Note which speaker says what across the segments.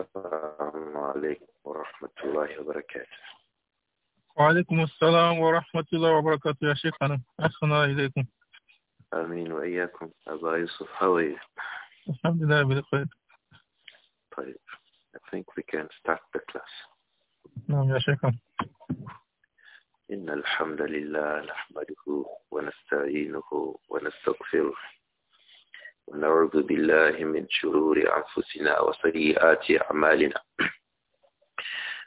Speaker 1: السلام عليكم ورحمة الله وبركاته
Speaker 2: وعليكم السلام ورحمة الله وبركاته يا شيخنا أخنا إليكم
Speaker 1: آمين وإياكم أبا يوسف حوي
Speaker 2: الحمد لله بالخير
Speaker 1: طيب I think we can start the class
Speaker 2: نعم يا شيخنا
Speaker 1: إن الحمد لله نحمده ونستعينه ونستغفره ونعوذ بالله من شرور أنفسنا وسيئات أعمالنا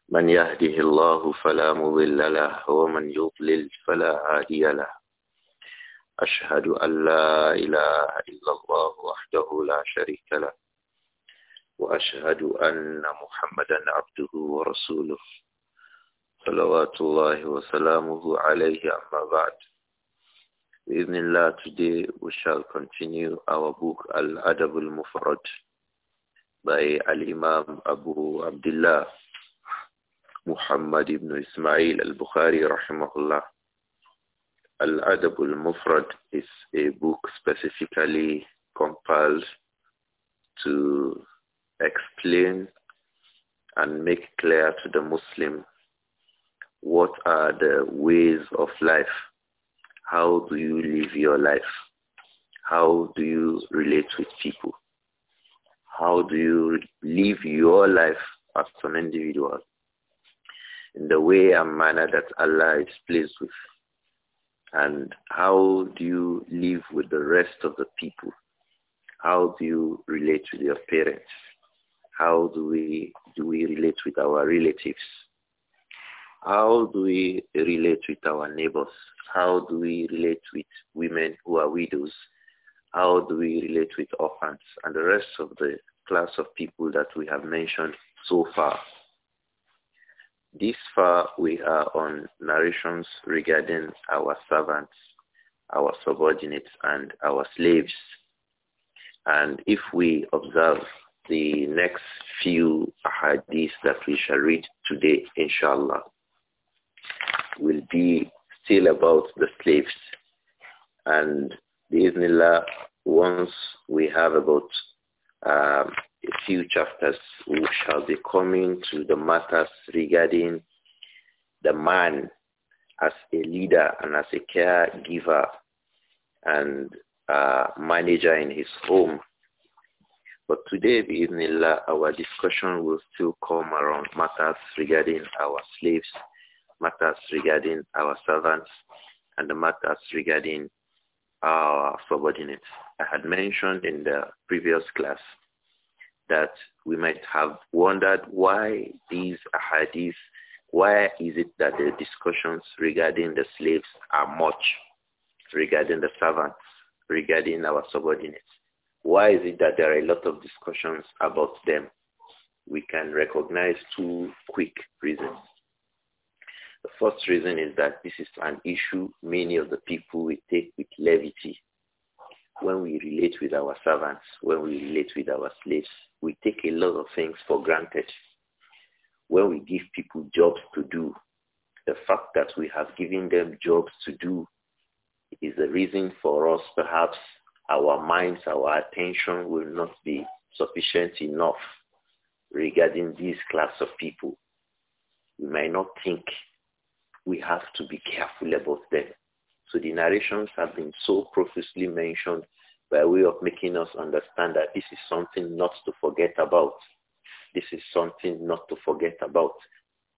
Speaker 1: من يهده الله فلا مضل له ومن يضلل فلا هادي له أشهد أن لا إله إلا الله وحده لا شريك له وأشهد أن محمدا عبده ورسوله صلوات الله وسلامه عليه أما بعد Bismillah, today we shall continue our book Al-Adab al-Mufrad by Al-Imam Abu Abdullah Muhammad ibn Ismail al-Bukhari rahimahullah. Al-Adab al-Mufrad is a book specifically compiled to explain and make clear to the Muslim what are the ways of life how do you live your life? How do you relate with people? How do you live your life as an individual? In the way and manner that Allah is pleased with. And how do you live with the rest of the people? How do you relate with your parents? How do we, do we relate with our relatives? How do we relate with our neighbors? How do we relate with women who are widows? How do we relate with orphans and the rest of the class of people that we have mentioned so far? This far we are on narrations regarding our servants, our subordinates, and our slaves. And if we observe the next few hadiths that we shall read today, inshallah, will be still about the slaves. And Bismillah, once we have about um, a few chapters, we shall be coming to the matters regarding the man as a leader and as a caregiver and uh, manager in his home. But today, Bismillah, our discussion will still come around matters regarding our slaves matters regarding our servants and the matters regarding our subordinates. I had mentioned in the previous class that we might have wondered why these hadiths, why is it that the discussions regarding the slaves are much regarding the servants, regarding our subordinates? Why is it that there are a lot of discussions about them? We can recognize two quick reasons. The first reason is that this is an issue many of the people we take with levity. When we relate with our servants, when we relate with our slaves, we take a lot of things for granted. When we give people jobs to do, the fact that we have given them jobs to do is a reason for us perhaps our minds, our attention will not be sufficient enough regarding this class of people. We may not think we have to be careful about them. So the narrations have been so profusely mentioned by way of making us understand that this is something not to forget about. This is something not to forget about.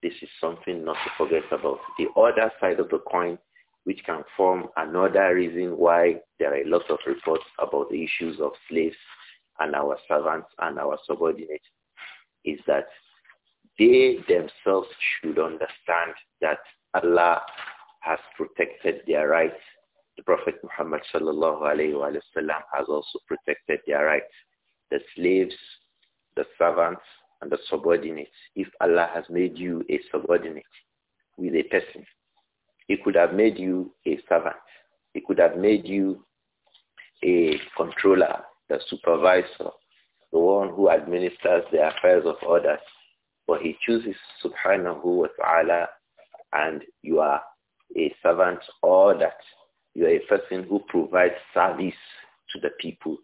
Speaker 1: This is something not to forget about. The other side of the coin, which can form another reason why there are a lot of reports about the issues of slaves and our servants and our subordinates, is that they themselves should understand that Allah has protected their rights. The Prophet Muhammad sallallahu alayhi wa has also protected their rights. The slaves, the servants, and the subordinates. If Allah has made you a subordinate with a person, He could have made you a servant. He could have made you a controller, the supervisor, the one who administers the affairs of others. But he chooses subhanahu wa ta'ala and you are a servant or that you are a person who provides service to the people,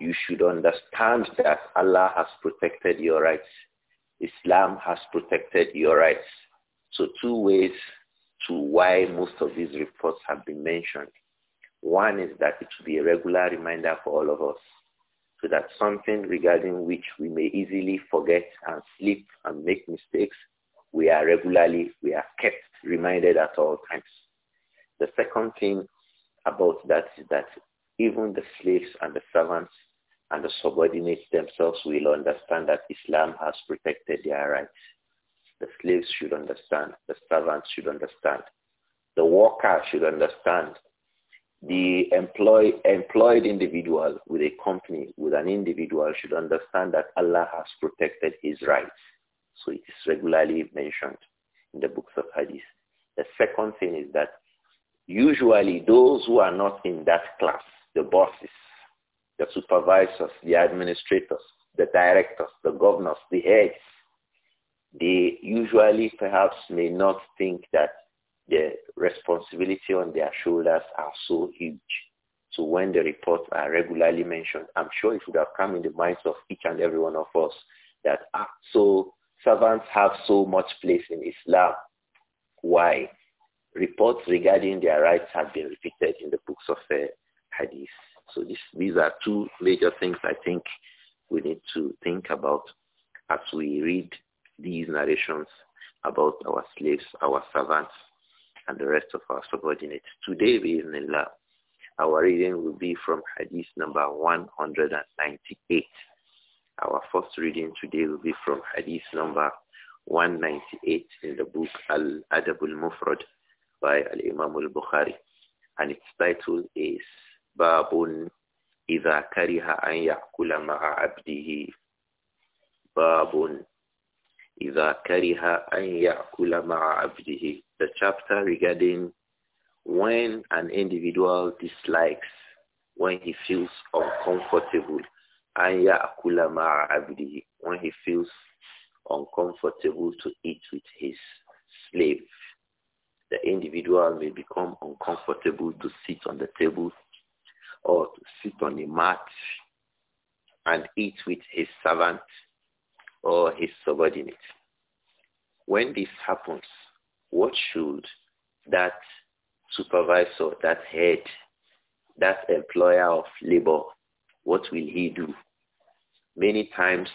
Speaker 1: you should understand that Allah has protected your rights. Islam has protected your rights. So two ways to why most of these reports have been mentioned. One is that it should be a regular reminder for all of us so that something regarding which we may easily forget and slip and make mistakes we are regularly, we are kept reminded at all times. The second thing about that is that even the slaves and the servants and the subordinates themselves will understand that Islam has protected their rights. The slaves should understand. The servants should understand. The worker should understand. The employ, employed individual with a company, with an individual should understand that Allah has protected his rights so it is regularly mentioned in the books of hadith. The second thing is that usually those who are not in that class, the bosses, the supervisors, the administrators, the directors, the governors, the heads, they usually perhaps may not think that the responsibility on their shoulders are so huge. So when the reports are regularly mentioned, I'm sure it would have come in the minds of each and every one of us that, ah, so servants have so much place in Islam. Why? Reports regarding their rights have been repeated in the books of uh, Hadith. So this, these are two major things I think we need to think about as we read these narrations about our slaves, our servants, and the rest of our subordinates. Today, Bismillah, our reading will be from Hadith number 198. Our first reading today will be from Hadith number 198 in the book Al-Adab al-Mufrad by Al-Imam al-Bukhari. And its title is Babun Iza Kariha أن يأكل مع Abdihi. باب إذا كره أن يأكل The chapter regarding when an individual dislikes, when he feels uncomfortable Anya when he feels uncomfortable to eat with his slave. The individual may become uncomfortable to sit on the table or to sit on a mat and eat with his servant or his subordinate. When this happens, what should that supervisor, that head, that employer of labor, what will he do? Many times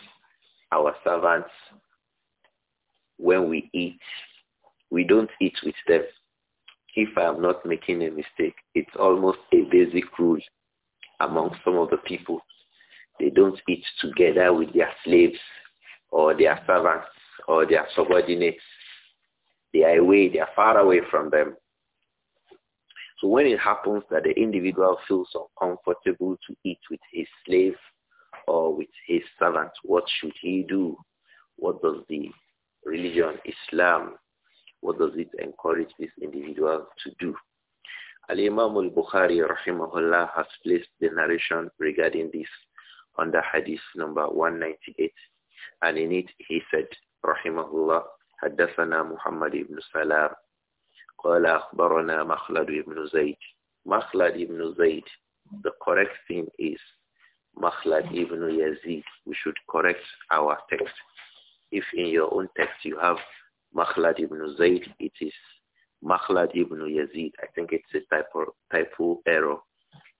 Speaker 1: our servants, when we eat, we don't eat with them. If I am not making a mistake, it's almost a basic rule among some of the people. They don't eat together with their slaves or their servants or their subordinates. They are away, they are far away from them. So when it happens that the individual feels uncomfortable to eat with his slave or with his servant, what should he do? What does the religion, Islam, what does it encourage this individual to do? Al-Imam al-Bukhari rahimahullah has placed the narration regarding this under hadith number 198 and in it he said rahimahullah حدثنا محمد بن سلام قال أخبرنا مخلد بن زيد مخلد بن زيد the correct thing is Makhlad ibn Yazid. We should correct our text. If in your own text you have Makhlad ibn Zayd, it is Makhlad ibn Yazid. I think it's a typo, typo error.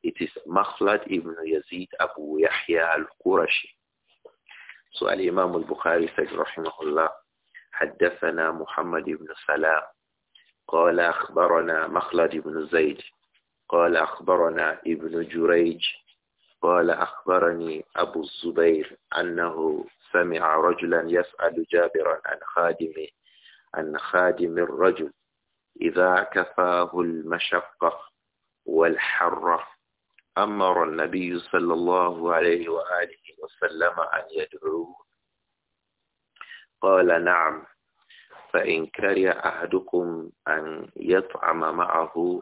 Speaker 1: It is Makhlad ibn Yazid Abu Yahya al-Qurashi. So Al-Imam al-Bukhari said, rahimahullah, حدثنا محمد بن سلام قال أخبرنا مخلد بن زيد قال أخبرنا ابن جريج قال أخبرني أبو الزبير أنه سمع رجلا يسأل جابرا عن خادمه عن خادم الرجل إذا كفاه المشقة والحرة أمر النبي صلى الله عليه وآله وسلم أن يدعوه قال نعم فإن كره أحدكم أن يطعم معه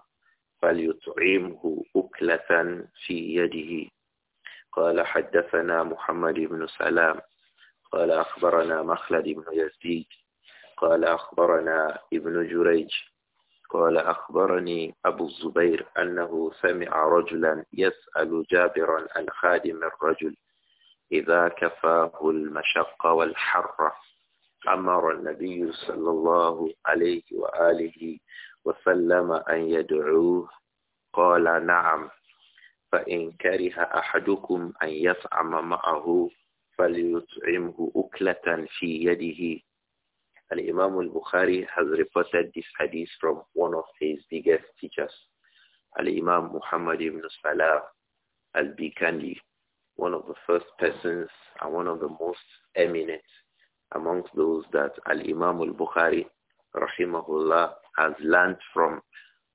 Speaker 1: فليطعمه أكلة في يده قال حدثنا محمد بن سلام قال أخبرنا مخلد بن يزيد قال أخبرنا ابن جريج قال أخبرني أبو الزبير أنه سمع رجلا يسأل جابرا عن خادم الرجل إذا كفاه المشقة والحرة أمر النبي صلى الله عليه وآله وسلم أن يدعوه قال نعم فإن كره أحدكم أن يطعم معه فليطعمه أكلة في يده Al-Imam al-Bukhari has reported this hadith from one of his biggest teachers, Al-Imam Muhammad ibn Salah al-Bikandi, one of the first persons and one of the most eminent amongst those that Al-Imam al-Bukhari, rahimahullah, has learned from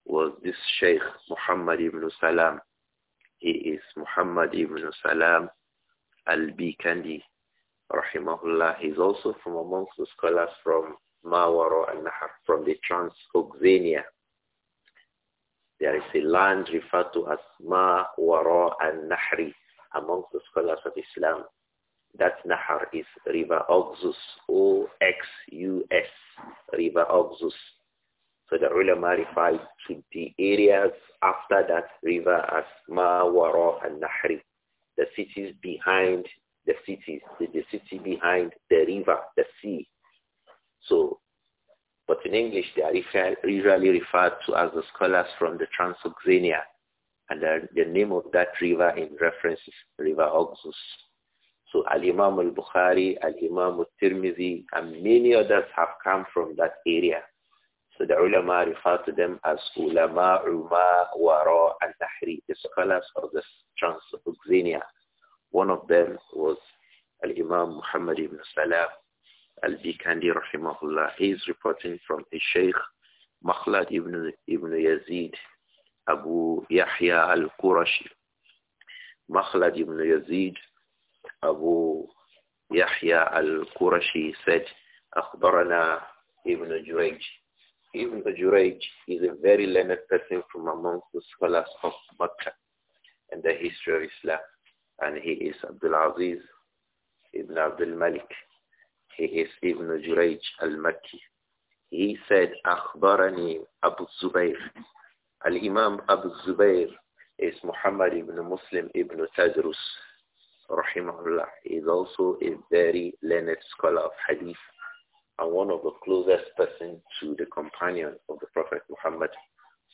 Speaker 1: was this Sheikh Muhammad ibn Salam Muhammad ibn Salam al-Bikandi, rahimahullah. He's also from amongst the scholars from Mawara al-Nahar, from the Transoxania. There is a land referred to as Mawara al-Nahri amongst the scholars of Islam. That Nahar is River Oxus, O-X-U-S, River Oxus. So the ulama referred to the areas after that river as Ma Wara and Nahri, the cities behind the cities, the, the city behind the river, the sea. So, but in English they are refer, usually referred to as the scholars from the Transoxania, and the, the name of that river in reference is River Oxus. So Al-Imam al-Bukhari, Al-Imam al-Tirmidhi, and many others have come from that area. So the ulama refer to them as ulama uma wara al nahri the scholars of the Transoxania. One of them was Al-Imam Muhammad ibn Salam Al-Bikandi rahimahullah. He is reporting from his Sheikh Makhlad ibn, ibn Yazid Abu Yahya al-Qurashi. Makhlad ibn Yazid Abu Yahya al-Qurashi said, أخبرنا ابن جريج Ibn Jurayj is a very learned person from amongst the scholars of Makkah and the history of Islam. And he is Abdul Aziz Ibn Abdul Malik. He is Ibn Juraj al-Makki. He said, Akhbarani Abu Zubair. Al-Imam Abu Zubair is Muhammad ibn Muslim ibn Tadrus. Rahimahullah is also a very learned scholar of hadith and one of the closest persons to the companion of the Prophet Muhammad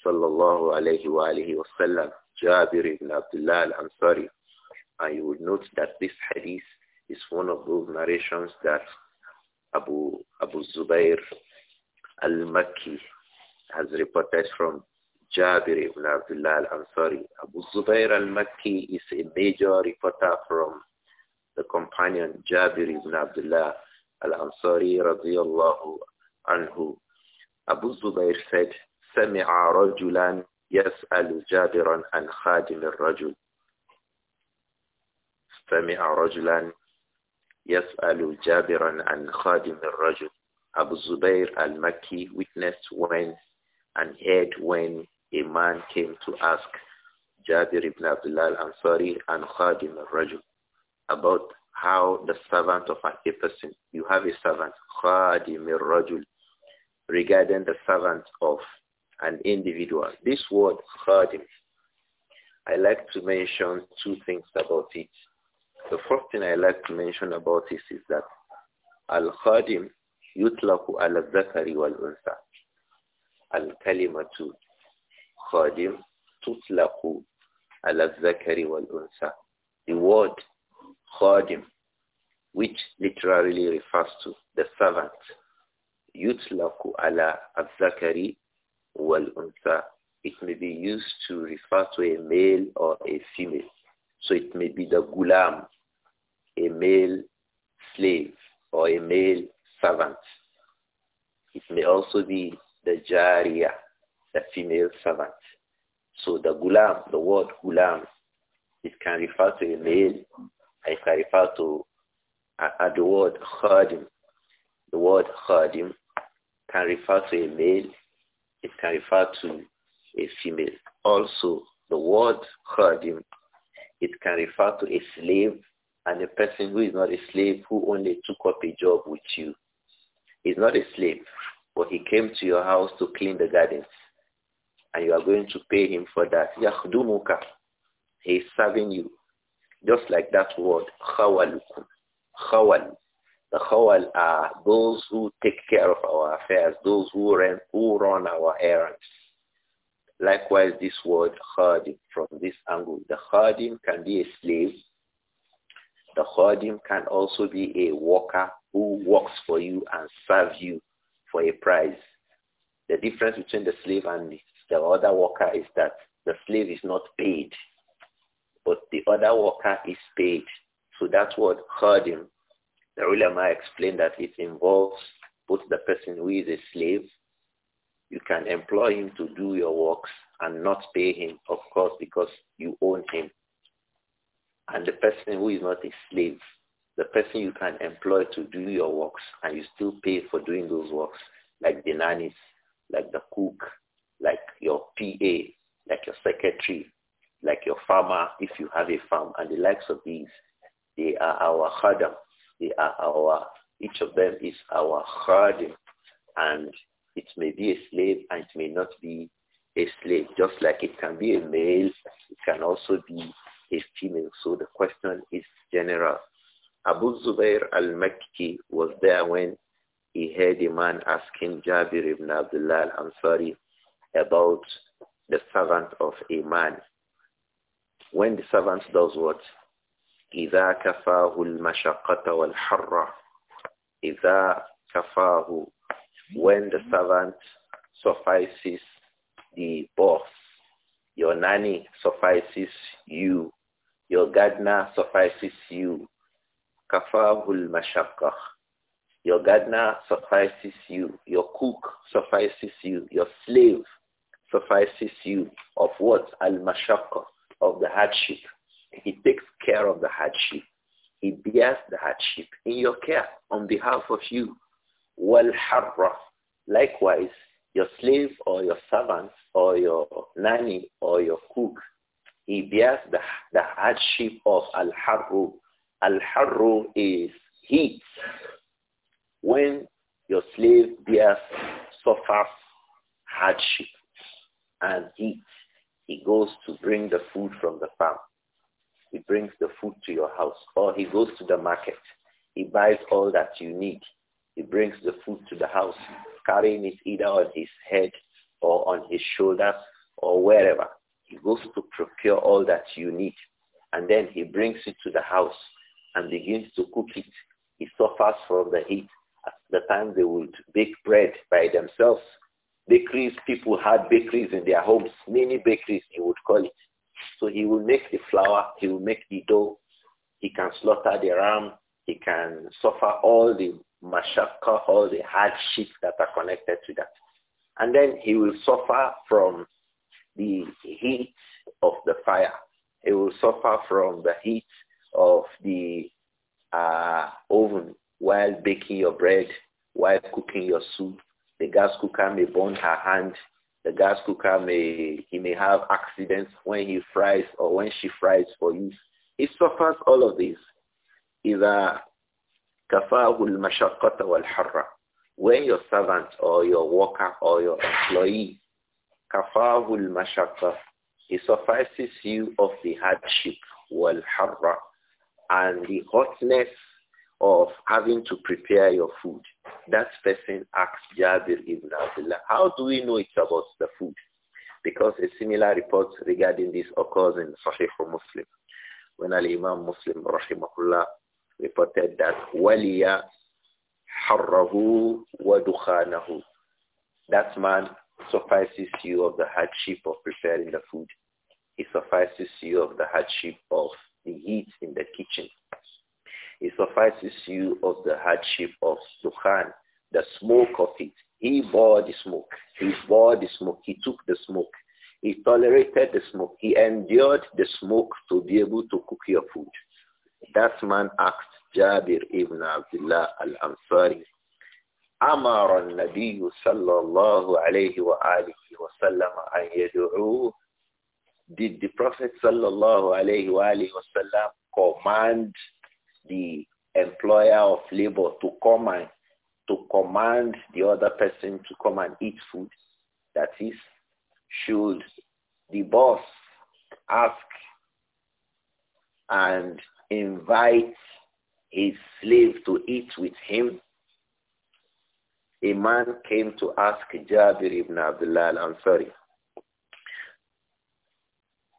Speaker 1: sallallahu alayhi wa alihi wasallam, Jabir ibn Abdullah al-Ansari. And you would note that this hadith is one of those narrations that Abu, Abu Zubair al-Makki has reported from Jabir ibn Abdullah al-Ansari. Abu Zubair al-Makki is a major reporter from the companion Jabir ibn Abdullah al-Ansari radiyallahu anhu. Abu Zubayr said, سمع رجلا يسأل جابرا عن خادم الرجل. سمع رجلا يسأل جابرا عن خادم الرجل. Abu Zubayr al-Makki witnessed when and heard when a man came to ask Jabir ibn Abdullah al-Ansari and Khadim al-Rajul about how the servant of a person, you have a servant, khadim rajul regarding the servant of an individual. This word khadim, I like to mention two things about it. The first thing I like to mention about this is that al-khadim yutlaku al-zakari wal-unsa. Al-kalimatu khadim tutlaku al-zakari wal-unsa. The word Khadim, which literally refers to the servant. Yutlaku ala al-zakari wal It may be used to refer to a male or a female. So it may be the gulam, a male slave or a male servant. It may also be the jariya, the female servant. So the gulam, the word gulam, it can refer to a male I can refer to uh, uh, the word khadim. The word khadim can refer to a male. It can refer to a female. Also, the word khadim, it can refer to a slave and a person who is not a slave who only took up a job with you. He's not a slave, but he came to your house to clean the gardens and you are going to pay him for that. Yakhdumuka. He is serving you. Just like that word, khawalukum. Khawal. The khawal are those who take care of our affairs, those who run, who run our errands. Likewise, this word khadim, from this angle, the khadim can be a slave. The khadim can also be a worker who works for you and serves you for a price. The difference between the slave and the other worker is that the slave is not paid but the other worker is paid. So that's what khadim. The ulama explained that it involves both the person who is a slave. You can employ him to do your works and not pay him, of course, because you own him. And the person who is not a slave, the person you can employ to do your works and you still pay for doing those works, like the nannies, like the cook, like your PA, like your secretary, like your farmer, if you have a farm, and the likes of these, they are our khadam. They are our, each of them is our khadim. And it may be a slave and it may not be a slave, just like it can be a male, it can also be a female. So the question is general. Abu Zubair al-Makki was there when he heard a man asking Jabir ibn Abdullah al-Ansari about the servant of a man when the servant does what? إذا كفاه المشقة والحرة إذا كفاه when the servant suffices the boss your nanny suffices you your gardener suffices you كفاه المشقة your gardener suffices you your cook suffices you your slave suffices you of what al-mashaqqa of the hardship. He takes care of the hardship. He bears the hardship in your care on behalf of you. wal Likewise, your slave or your servant or your nanny or your cook, he bears the, the hardship of al-harru. Al-harru is heat. When your slave bears, suffers hardship and heat, he goes to bring the food from the farm. He brings the food to your house. Or he goes to the market. He buys all that you need. He brings the food to the house, carrying it either on his head or on his shoulders or wherever. He goes to procure all that you need. And then he brings it to the house and begins to cook it. He suffers from the heat. At the time they would bake bread by themselves, Bakeries, people had bakeries in their homes, mini bakeries he would call it. So he will make the flour, he will make the dough, he can slaughter the ram, he can suffer all the mashaka, all the hardships that are connected to that. And then he will suffer from the heat of the fire. He will suffer from the heat of the uh, oven while baking your bread, while cooking your soup, the gas cooker may burn her hand. The gas cooker may, he may have accidents when he fries or when she fries for you. He suffers all of this. Kafahul mashakata المشقة والحرة. When your servant or your worker or your employee, kafahul المشقة, he suffices you of the hardship والحرة and the hotness of having to prepare your food. That person asks Jabir ibn Abdullah, how do we know it's about the food? Because a similar report regarding this occurs in Sahih Muslim. When Al-Imam Muslim rahimahullah reported that waliya harrahu wa dukhanahu. That man suffices you of the hardship of preparing the food. He suffices you of the hardship of the heat in the kitchen it suffices you of the hardship of Sukhan, the smoke of it. He bore the smoke. He bore the smoke. He took the smoke. He tolerated the smoke. He endured the smoke to be able to cook your food. That man asked Jabir ibn Abdullah al-Ansari, أمر النبي صلى الله عليه وآله وسلم أن يدعوه Did the Prophet صلى الله عليه وآله وسلم command the employer of labor to come and to command the other person to come and eat food. That is, should the boss ask and invite his slave to eat with him? A man came to ask Jabir ibn Abdullah I'm sorry.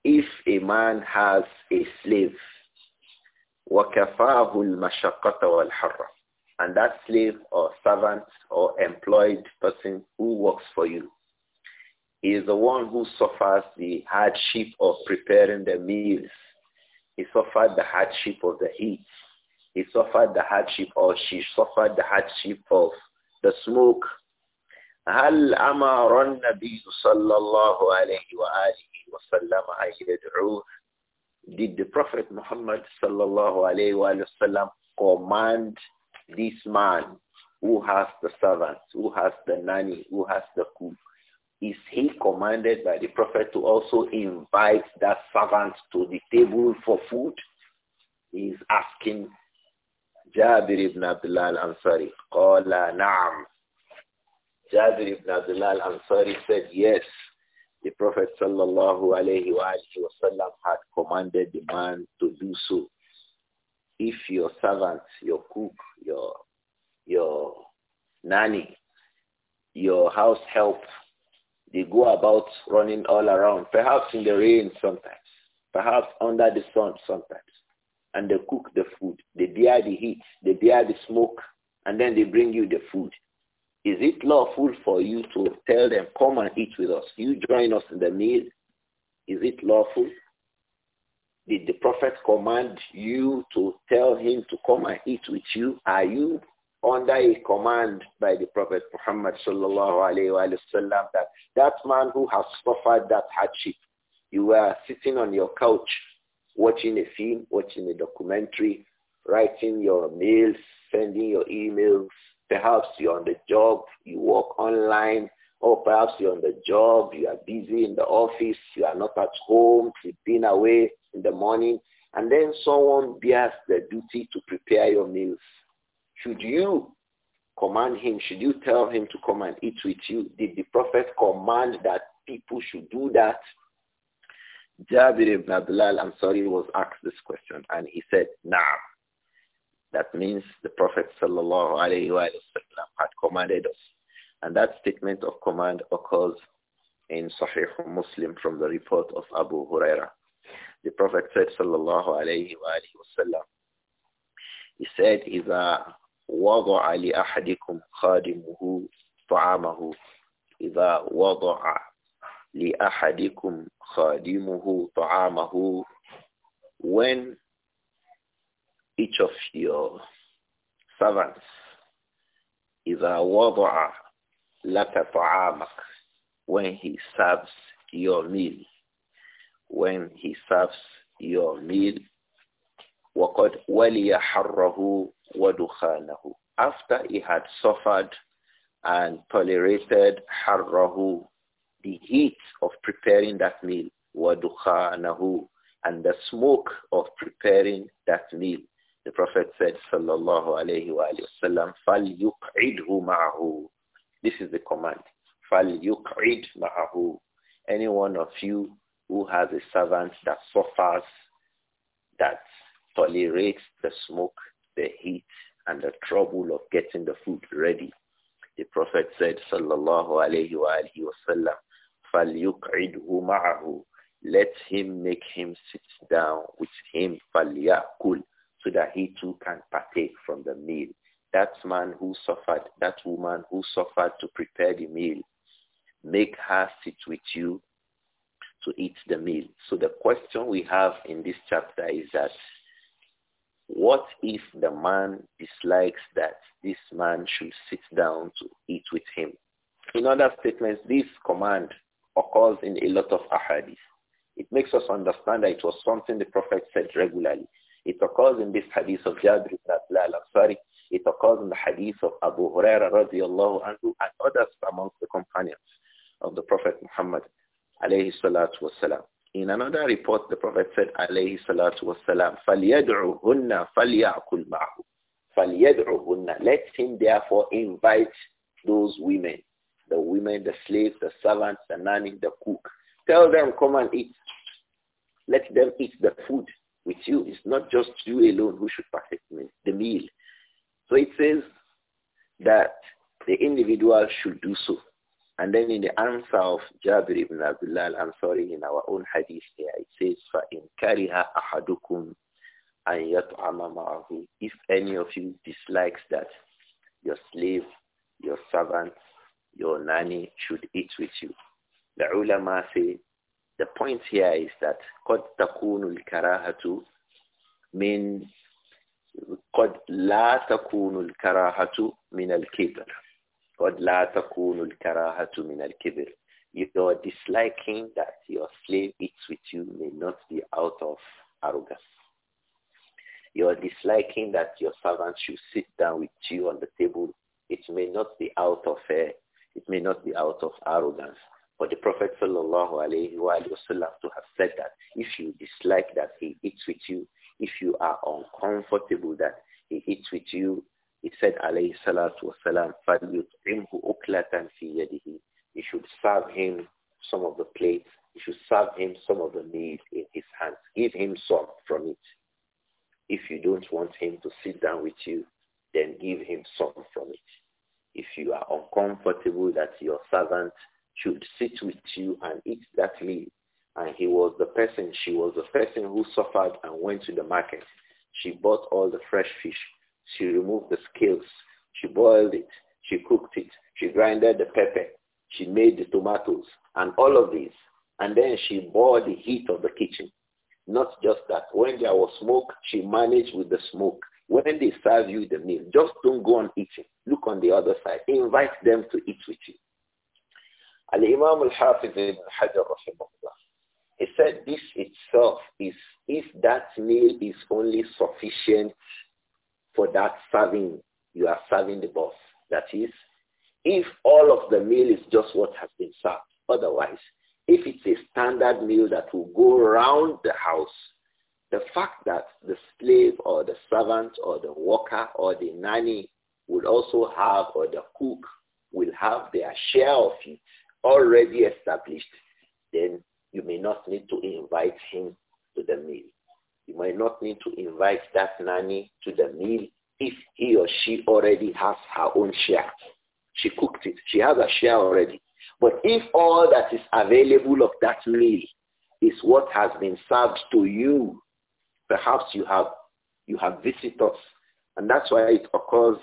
Speaker 1: if a man has a slave وَكَفَاهُ الْمَشَقَّةَ وَالْحَرَّةَ And that slave or servant or employed person who works for you is the one who suffers the hardship of preparing the meals. He suffered the hardship of the heat. He suffered the hardship or she suffered the hardship of the smoke. هل أمر النبي صلى الله عليه وآله وسلم أن يدعوه did the Prophet Muhammad sallallahu alayhi wa sallam command this man who has the servants, who has the nanny, who has the cook, is he commanded by the Prophet to also invite that servant to the table for food? He's asking Jabir ibn Abdullah al-Ansari, قال نعم. Jabir ibn Abdullah al-Ansari said, yes, the Prophet sallallahu alayhi wa wasallam had commanded the man to do so. If your servant, your cook, your your nanny, your house help, they go about running all around, perhaps in the rain sometimes, perhaps under the sun sometimes. And they cook the food. They bear the heat. They bear the smoke. And then they bring you the food. Is it lawful for you to tell them, come and eat with us? You join us in the meal. Is it lawful? Did the prophet command you to tell him to come and eat with you? Are you under a command by the Prophet Muhammad sallallahu alayhi wa sallam that that man who has suffered that hardship, you were sitting on your couch watching a film, watching a documentary, writing your mails, sending your emails, Perhaps you're on the job, you work online, or perhaps you're on the job, you are busy in the office, you are not at home, sleeping away in the morning, and then someone bears the duty to prepare your meals. Should you command him? Should you tell him to come and eat with you? Did the Prophet command that people should do that? Jabir ibn Abdullah, I'm sorry, was asked this question, and he said, "No." That means the Prophet ﷺ had commanded us. And that statement of command occurs in Sahih Muslim from the report of Abu Huraira. The Prophet said sallallahu alayhi wa sallam, he said, إِذَا وَضَعَ لِأَحَدِكُمْ خَادِمُهُ طَعَامَهُ إِذَا وَضَعَ لِأَحَدِكُمْ خَادِمُهُ طَعَامَهُ When each of your servants is a وضع لك طعامك when he serves your meal when he serves your meal وقد ولي حره ودخانه after he had suffered and tolerated حره the heat of preparing that meal ودخانه and the smoke of preparing that meal the Prophet said, sallallahu alayhi wa sallam, فَلْيُقْعِدْهُ مَعَهُ This is the command. فَلْيُقْعِدْ مَعَهُ Any one of you who has a servant that suffers, that tolerates the smoke, the heat, and the trouble of getting the food ready. The Prophet said, sallallahu alayhi wa alihi wa Let him make him sit down with him, yakul.'" so that he too can partake from the meal. That man who suffered, that woman who suffered to prepare the meal, make her sit with you to eat the meal. So the question we have in this chapter is that what if the man dislikes that this man should sit down to eat with him? In other statements, this command occurs in a lot of ahadith. It makes us understand that it was something the Prophet said regularly. It occurs in this hadith of Jabir ibn Abdullah al-Ansari. It occurs in the hadith of Abu Huraira radiallahu anhu and others amongst the companions of the Prophet Muhammad alayhi salatu wasalam. In another report, the Prophet said alayhi salatu wasalam, فَلْيَدْعُهُنَّ مَعْهُ فَلْيَدْعُهُنَّ Let him therefore invite those women, the women, the slaves, the servants, the nanny, the cook. Tell them, come and eat. Let them eat the food with you. It's not just you alone who should participate the meal. So it says that the individual should do so. And then in the answer of Jabir ibn Abdullah al-Ansari in our own hadith here, it says, فَإِنْ كَرِهَ أَحَدُكُمْ أَنْ يَطْعَمَ مَعَهُ If any of you dislikes that your slave, your servant, your nanny should eat with you. The ulama say the point here is that قد تكون الكراهة من قد لا تكون الكراهة من الكبر قد لا تكون الكراهة من الكبر Your disliking that your slave eats with you may not be out of arrogance. Your disliking that your servant should sit down with you on the table, it may not be out of uh, it may not be out of arrogance for the Prophet sallallahu to have said that if you dislike that he eats with you, if you are uncomfortable that he eats with you, he said alayhi salatu wasalam, فَلْيُطْعِمْهُ أُكْلَةً فِي يَدِهِ You should serve him some of the plates. You should serve him some of the meat in his hands. Give him some from it. If you don't want him to sit down with you, then give him some from it. If you are uncomfortable that your servant should sit with you and eat that meal. And he was the person, she was the person who suffered and went to the market. She bought all the fresh fish. She removed the scales. She boiled it. She cooked it. She grinded the pepper. She made the tomatoes and all of these. And then she bore the heat of the kitchen. Not just that. When there was smoke, she managed with the smoke. When they serve you the meal, just don't go on eating. Look on the other side. Invite them to eat with you. Al-Imam al-Hafiz ibn Hajar rahimahullah, he said this itself is if that meal is only sufficient for that serving, you are serving the boss. That is, if all of the meal is just what has been served. Otherwise, if it's a standard meal that will go round the house, the fact that the slave or the servant or the worker or the nanny will also have or the cook will have their share of it already established, then you may not need to invite him to the meal. You might not need to invite that nanny to the meal if he or she already has her own share. She cooked it. She has a share already. But if all that is available of that meal is what has been served to you, perhaps you have you have visitors. And that's why it occurs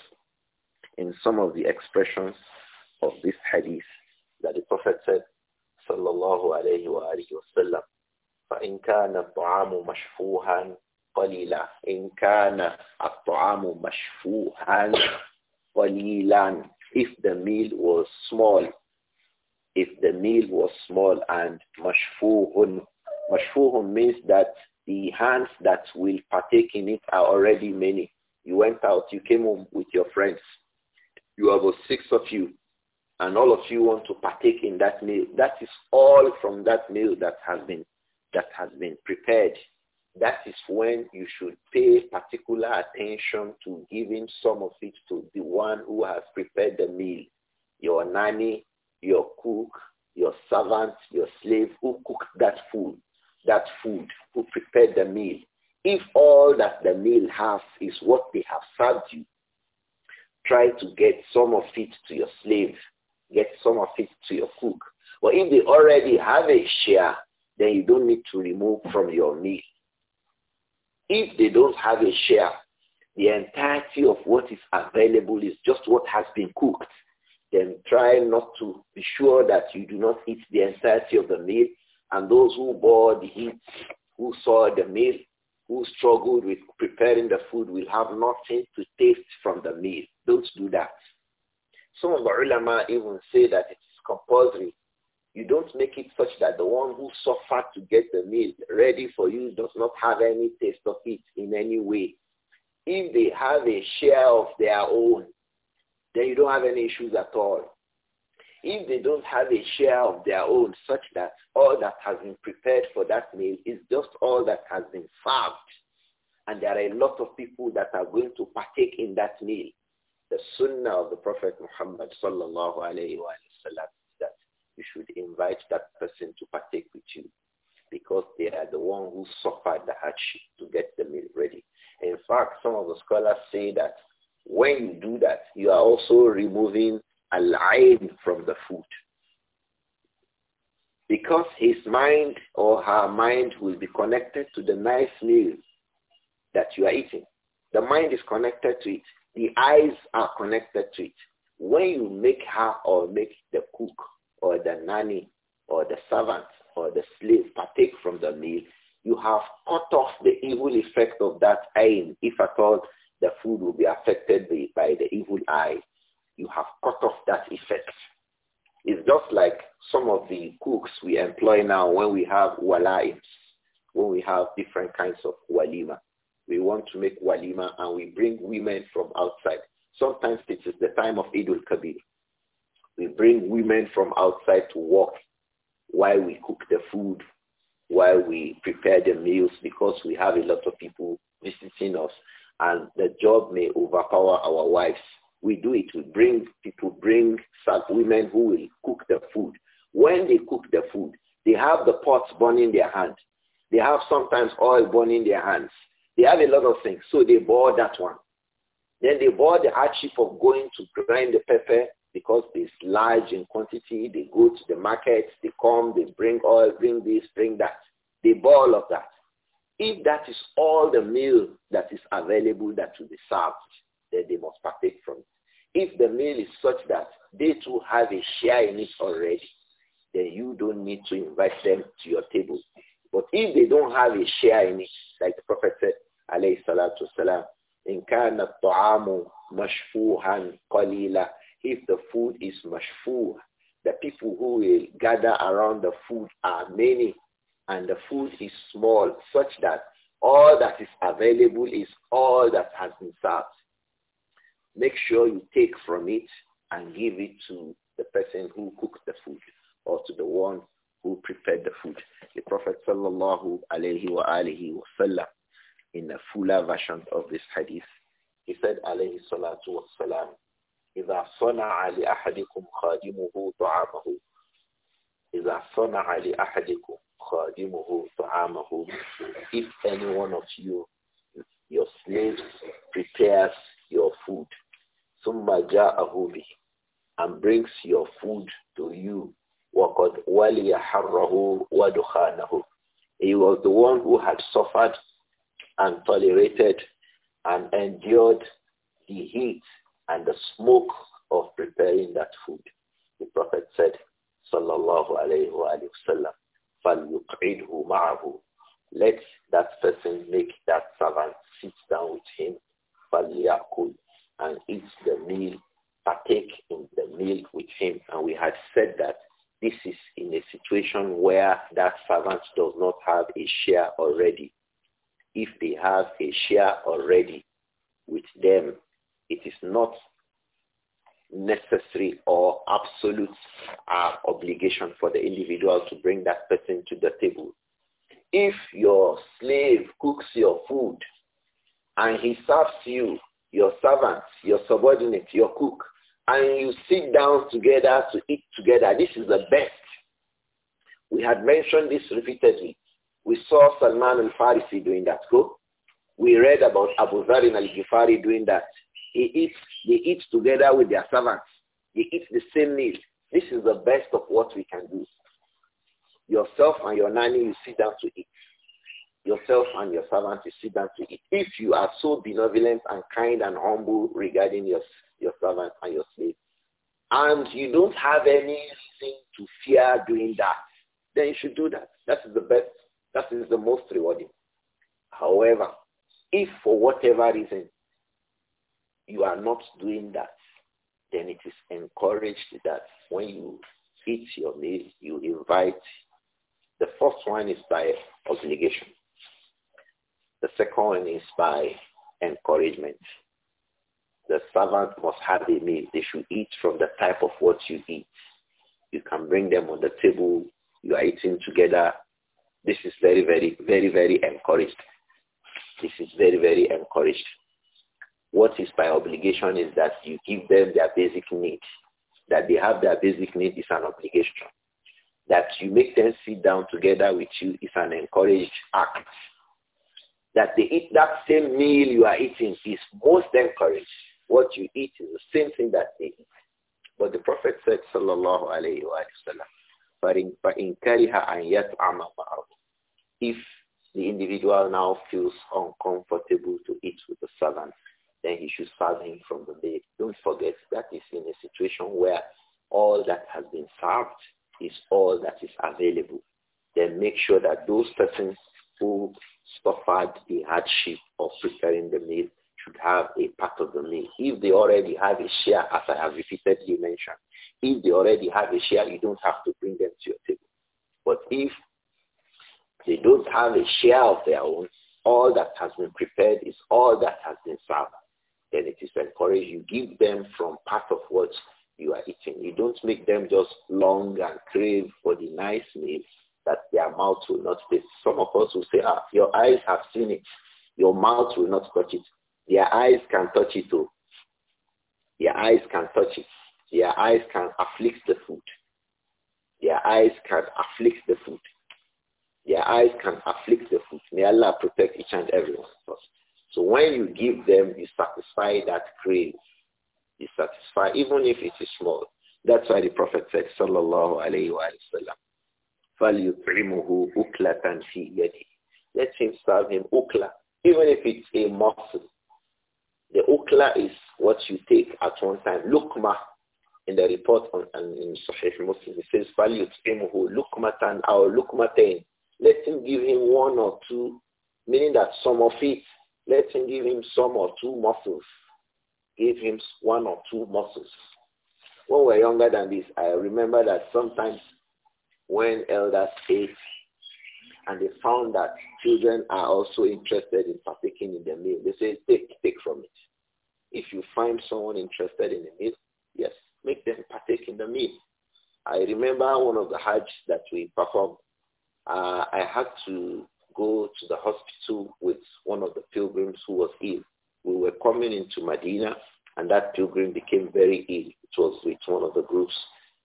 Speaker 1: in some of the expressions of this hadith that the Prophet said, sallallahu alayhi wa alihi wa sallam, فَإِنْ كَانَ الطَّعَامُ مَشْفُوهًا قَلِيلًا إِنْ كَانَ الطَّعَامُ مَشْفُوهًا قَلِيلًا If the meal was small, if the meal was small and mashfuhun, mashfuhun means that the hands that will partake in it are already many. You went out, you came home with your friends. You have six of you and all of you want to partake in that meal, that is all from that meal that has been that has been prepared. That is when you should pay particular attention to giving some of it to the one who has prepared the meal, your nanny, your cook, your servant, your slave who cooked that food, that food, who prepared the meal. If all that the meal has is what they have served you, try to get some of it to your slave Get some of it to your cook. But if they already have a share, then you don't need to remove from your meal. If they don't have a share, the entirety of what is available is just what has been cooked. Then try not to be sure that you do not eat the entirety of the meal. And those who bore the heat, who saw the meal, who struggled with preparing the food will have nothing to taste from the meal. Don't do that. Some of the ulama even say that it is compulsory. You don't make it such that the one who suffered to get the meal ready for you does not have any taste of it in any way. If they have a share of their own, then you don't have any issues at all. If they don't have a share of their own such that all that has been prepared for that meal is just all that has been served, and there are a lot of people that are going to partake in that meal, the sunnah of the Prophet Muhammad sallallahu alayhi wa sallam that you should invite that person to partake with you because they are the one who suffered the hardship to get the meal ready. In fact, some of the scholars say that when you do that, you are also removing al-ain from the food. Because his mind or her mind will be connected to the nice meal that you are eating. The mind is connected to it. The eyes are connected to it. When you make her or make the cook or the nanny or the servant or the slave partake from the meal, you have cut off the evil effect of that eye. If at all, the food will be affected by the evil eye. You have cut off that effect. It's just like some of the cooks we employ now when we have walaims, when we have different kinds of walima we want to make walima and we bring women from outside. Sometimes it is the time of Eid al-Kabir. We bring women from outside to work while we cook the food, while we prepare the meals because we have a lot of people visiting us and the job may overpower our wives. We do it. We bring people, bring some women who will cook the food. When they cook the food, they have the pots burning their hands. They have sometimes oil burning their hands. They have a lot of things. So they bought that one. Then they bought the hardship of going to grind the pepper because it's large in quantity. They go to the market, they come, they bring oil, bring this, bring that. They buy all of that. If that is all the meal that is available that will be served, then they must partake from it. If the meal is such that they too have a share in it already, then you don't need to invite them to your table. But if they don't have a share in it, like the prophet said, alayhi salatu salam, in kana ta'amu mashfuhan qalila, if the food is mashfuh, the people who will gather around the food are many and the food is small such that all that is available is all that has been served. Make sure you take from it and give it to the person who cooked the food or to the one who prepared the food. The Prophet sallallahu alayhi wa alihi wasallam in the fuller version of this hadith. He said, alayhi salatu wassalam, إذا صنع لأحدكم خادمه طعامه إذا صنع لأحدكم خادمه طعامه If any one of you, your slaves, prepares your food, ثم جاءه به and brings your food to you, وقد ولي حره ودخانه He was the one who had suffered and tolerated and endured the heat and the smoke of preparing that food. The Prophet said, Sallallahu alayhi wa sallam, Let that person make that servant sit down with him, فَلْيَأْكُلْ and eat the meal, partake in the meal with him. And we had said that this is in a situation where that servant does not have a share already if they have a share already with them, it is not necessary or absolute uh, obligation for the individual to bring that person to the table. If your slave cooks your food and he serves you, your servant, your subordinate, your cook, and you sit down together to eat together, this is the best. We had mentioned this repeatedly. We saw Salman al-Farisi doing that. Go. We read about Abu Zarin al jufari doing that. He eats, they eat together with their servants. They eat the same meal. This is the best of what we can do. Yourself and your nanny, you sit down to eat. Yourself and your servant, you sit down to eat. If you are so benevolent and kind and humble regarding your, your servant and your slave, and you don't have anything to fear doing that, then you should do that. That is the best that is the most rewarding. However, if for whatever reason you are not doing that, then it is encouraged that when you eat your meal, you invite. The first one is by obligation. The second one is by encouragement. The servant must have a meal. They should eat from the type of what you eat. You can bring them on the table. You are eating together. This is very, very, very, very encouraged. This is very, very encouraged. What is my obligation is that you give them their basic needs. That they have their basic needs is an obligation. That you make them sit down together with you is an encouraged act. That they eat that same meal you are eating is most encouraged. What you eat is the same thing that they eat. But the Prophet said, sallallahu alayhi in sallam, فَإِنْ كَرِهَ أَنْ يَطْعَمَ مَعَهُ if the individual now feels uncomfortable to eat with the servant, then he should serve him from the plate. Don't forget that is in a situation where all that has been served is all that is available. Then make sure that those persons who suffered the hardship of preparing the meal should have a part of the meal. If they already have a share, as I have repeatedly mentioned, if they already have a share, you don't have to bring them to your table. But if they don't have a share of their own. All that has been prepared is all that has been served. Then it is encouraged you give them from part of what you are eating. You don't make them just long and crave for the nice meal that their mouth will not taste. Some of us will say, ah, your eyes have seen it. Your mouth will not touch it. Their eyes can touch it too. Oh. Their eyes can touch it. Their eyes can afflict the food. Their eyes can afflict the food. Their eyes can afflict the foot. May Allah protect each and every one of us. So when you give them, you satisfy that craving. You satisfy, even if it is small. That's why the Prophet said, Sallallahu alayhi wa sallam, Let him serve him ukla, even if it's a morsel. The ukla is what you take at one time. Lukma, in the report on, on in Sahih Muslim, it says, فَلْيُطْعِمُهُ لُقْمَةً أَوْ لُقْمَتَيْنِ let him give him one or two, meaning that some of it, let him give him some or two muscles. Give him one or two muscles. When we are younger than this, I remember that sometimes when elders ate and they found that children are also interested in partaking in the meal, they say, take, take from it. If you find someone interested in the meal, yes, make them partake in the meal. I remember one of the Hajj that we performed uh, I had to go to the hospital with one of the pilgrims who was ill. We were coming into Medina and that pilgrim became very ill. It was with one of the groups,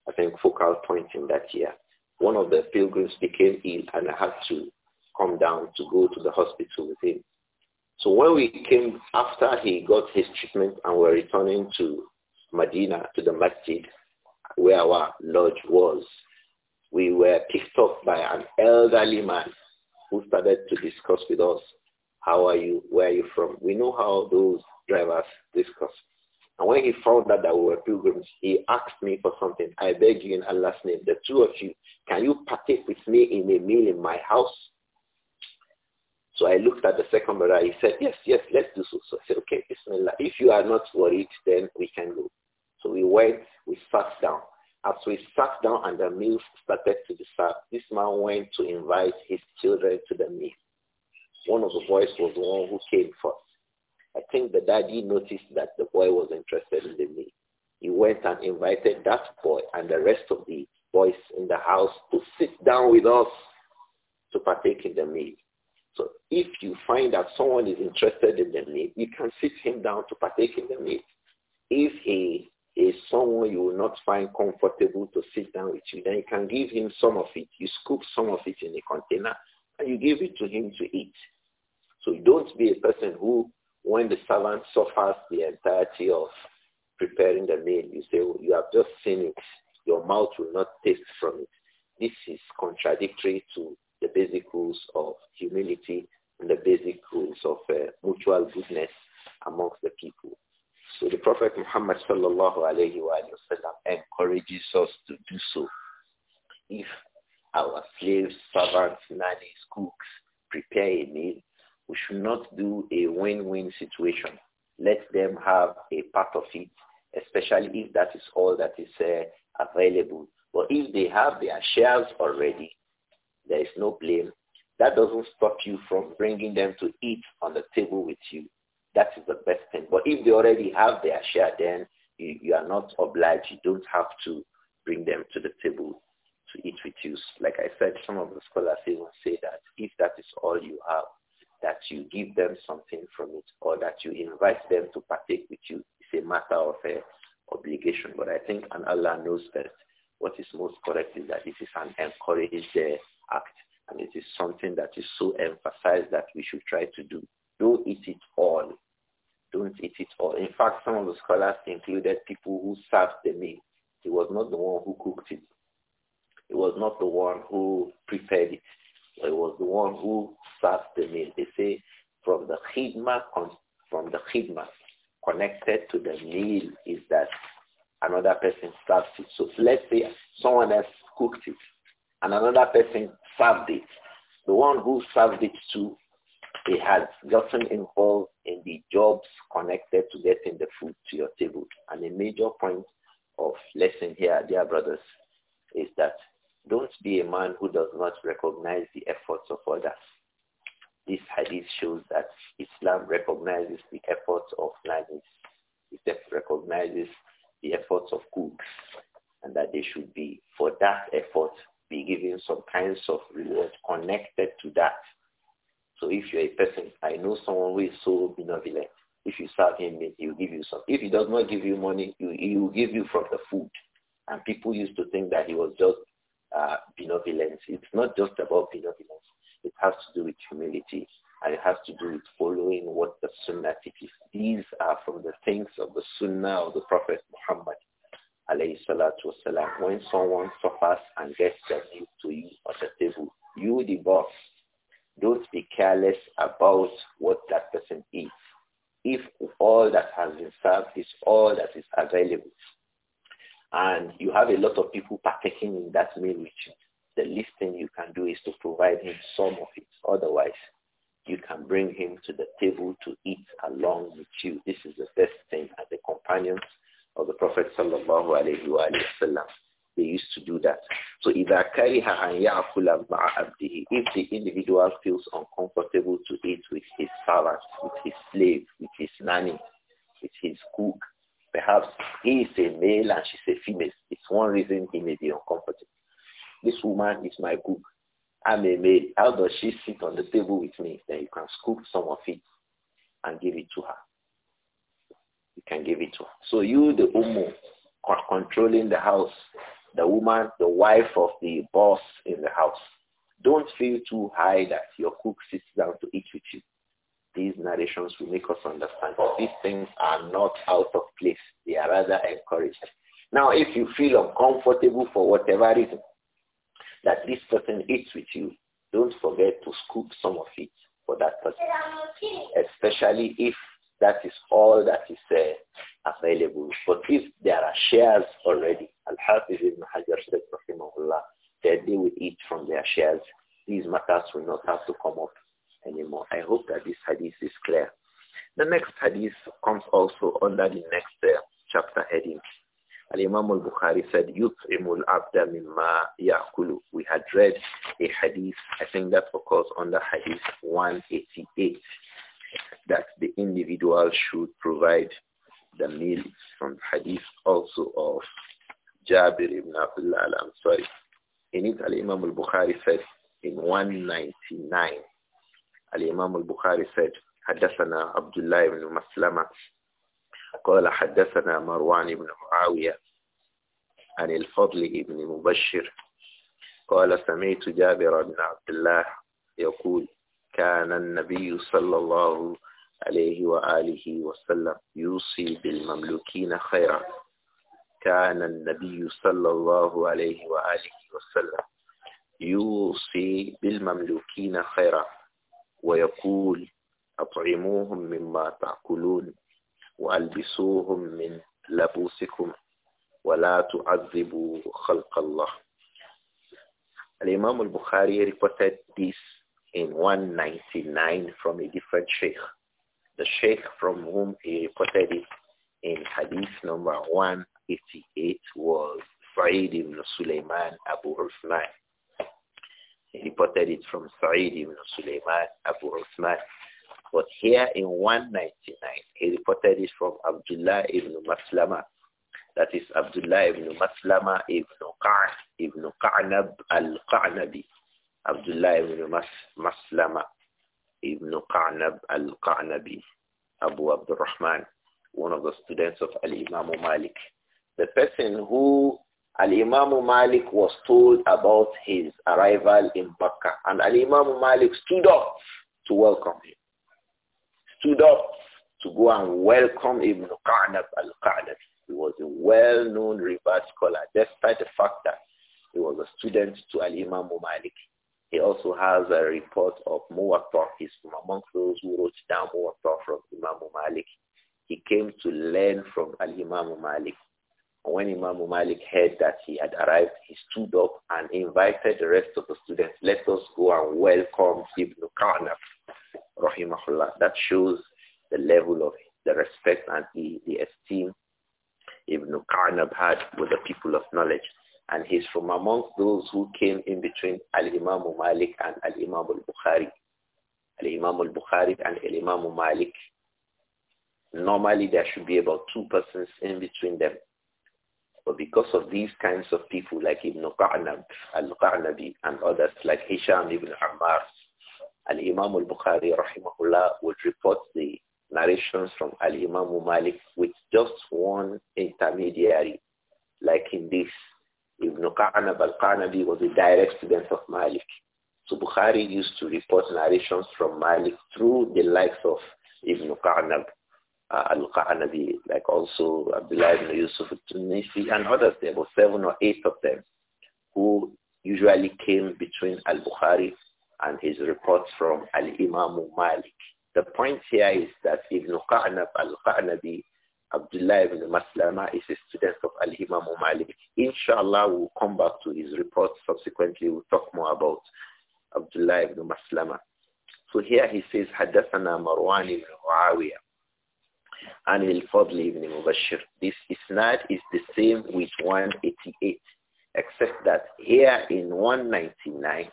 Speaker 1: I think focal point in that year. One of the pilgrims became ill and I had to come down to go to the hospital with him. So when we came after he got his treatment and we were returning to Medina, to the masjid where our lodge was, we were picked up by an elderly man who started to discuss with us, how are you, where are you from? We know how those drivers discuss. And when he found out that we were pilgrims, he asked me for something. I beg you in Allah's name, the two of you, can you partake with me in a meal in my house? So I looked at the second brother. He said, yes, yes, let's do so. So I said, okay, Bismillah. If you are not worried, then we can go. So we went, we sat down. As we sat down and the meal started to be served, this man went to invite his children to the meal. One of the boys was the one who came first. I think the daddy noticed that the boy was interested in the meal. He went and invited that boy and the rest of the boys in the house to sit down with us to partake in the meal. So if you find that someone is interested in the meal, you can sit him down to partake in the meal. If he is someone you will not find comfortable to sit down with you, then you can give him some of it. You scoop some of it in a container and you give it to him to eat. So don't be a person who, when the servant suffers the entirety of preparing the meal, you say, well, oh, you have just seen it. Your mouth will not taste from it. This is contradictory to the basic rules of humility and the basic rules of uh, mutual goodness amongst the people. So the Prophet Muhammad sallallahu alayhi wa encourages us to do so. If our slaves, servants, nannies, cooks prepare a meal, we should not do a win-win situation. Let them have a part of it, especially if that is all that is uh, available. But if they have their shares already, there is no blame. That doesn't stop you from bringing them to eat on the table with you. That is the best thing. But if they already have their share, then you, you are not obliged. You don't have to bring them to the table to eat with you. Like I said, some of the scholars even say that if that is all you have, that you give them something from it or that you invite them to partake with you it's a matter of a uh, obligation. But I think an Allah knows best. What is most correct is that this is an encouraged uh, act and it is something that is so emphasized that we should try to do. Don't eat it all don't eat it all. In fact, some of the scholars included people who served the meal. He was not the one who cooked it. It was not the one who prepared it. It was the one who served the meal. They say from the khidma, from the khidma connected to the meal is that another person served it. So let's say someone else cooked it and another person served it. The one who served it to, he had gotten involved in the jobs connected to getting the food to your table. And a major point of lesson here, dear brothers, is that don't be a man who does not recognize the efforts of others. This hadith shows that Islam recognizes the efforts of nannies. It recognizes the efforts of cooks and that they should be, for that effort, be given some kinds of reward connected to that. So if you're a person, I know someone who is so benevolent. If you serve him, he'll give you some. If he does not give you money, he will give you from the food. And people used to think that he was just uh, benevolence. It's not just about benevolence. It has to do with humility and it has to do with following what the Sunnah teaches. These are from the things of the Sunnah of the Prophet Muhammad When someone suffers and gets the meal to you on the table, you the boss, don't be careless about what that person eats. If all that has been served is all that is available, and you have a lot of people partaking in that meal with you, the least thing you can do is to provide him some of it. Otherwise, you can bring him to the table to eat along with you. This is the best thing as the companions of the Prophet sallallahu alaihi wasallam. They used to do that. So If the individual feels uncomfortable to eat with his servant, with his slave, with his nanny, with his cook, perhaps he is a male and she's a female. It's one reason he may be uncomfortable. This woman is my cook. I'm a male. How does she sit on the table with me? Then you can scoop some of it and give it to her. You can give it to her. So you, the umu, are controlling the house the woman, the wife of the boss in the house. Don't feel too high that your cook sits down to eat with you. These narrations will make us understand that these things are not out of place. They are rather encouraged. Now, if you feel uncomfortable for whatever reason that this person eats with you, don't forget to scoop some of it for that person, especially if that is all that is uh, available. But if there are shares already, Al-Hafiz ibn Hajar said, Rahimahullah, that they will eat from their shares. These matters will not have to come up anymore. I hope that this hadith is clear. The next hadith comes also under the next uh, chapter heading. Al-Imam al-Bukhari said, يُطْعِمُ الْعَبْدَ مِمَّا يَأْكُلُ We had read a hadith, I think that occurs under hadith 188, that the individual should provide the meal from hadith also of Jabir ibn Abdullah al-Ansari. In it, Al-Imam al-Bukhari said in 199, Al-Imam al-Bukhari said, حدثنا عبد الله بن مسلمة قال حدثنا مروان بن معاوية عن الفضل بن مبشر قال سمعت جابر بن عبد الله يقول كان النبي صلى الله عليه وآله وسلم يوصي بالمملوكين خيرا كان النبي صلى الله عليه وآله وسلم يوصي بالمملوكين خيرا ويقول أطعموهم مما تأكلون وألبسوهم من لبوسكم ولا تعذبوا خلق الله الإمام البخاري al-Bukhari reported this in 199 from a different sheikh. The sheikh from whom he reported it in hadith number 1 88 was Sa'id ibn Sulaiman Abu Uthman. He reported it from Sa'id ibn Sulaiman Abu Uthman. But here in 199, he reported it from Abdullah ibn Maslama. That is Abdullah ibn Maslama ibn Qa'an, ibn Qa'nab al-Qa'nabi. Abdullah ibn Mas Maslama ibn Qa'nab al-Qa'nabi, Abu Abdurrahman, one of the students of Al-Imam Malik the person who Al-Imam Malik was told about his arrival in Makkah. And Al-Imam Malik stood up to welcome him. Stood up to go and welcome Ibn Qanab al-Qanabi. He was a well-known Ribat scholar, despite the fact that he was a student to Al-Imam Malik. He also has a report of Muwatta. He's from among those who wrote down Muwatta from Imam Malik. He came to learn from Al-Imam Malik. When Imam Malik heard that he had arrived, he stood up and invited the rest of the students, let us go and welcome Ibn Qanaf, rahimahullah. That shows the level of the respect and the, the esteem Ibn Qanab had with the people of knowledge. And he's from amongst those who came in between Al-Imam Malik and Al-Imam al-Bukhari. Al-Imam al-Bukhari and Al-Imam Malik. Normally there should be about two persons in between them. But because of these kinds of people like Ibn Qa'nab, Al-Qa'nabi, and others like Hisham ibn Ammar, Al-Imam al-Bukhari, rahimahullah, would report the narrations from Al-Imam Malik with just one intermediary, like in this. Ibn Qa'nab al-Qa'nabi was a direct student of Malik. So Bukhari used to report narrations from Malik through the likes of Ibn Qa'nab Al-Qa'anabi, like also Abdullah ibn Yusuf al-Tunisi and others. There were seven or eight of them who usually came between Al-Bukhari and his reports from Al-Imam Malik. The point here is that Ibn Qa'nab al-Qa'nabi, Abdullah ibn Maslama is a student of Al-Imam Malik. Inshallah, we'll come back to his reports subsequently. We'll talk more about Abdullah ibn Maslama. So here he says, حدثنا مروان بن معاوية عن الفضل بن مبشر. This isnad is the same with 188, except that here in 199,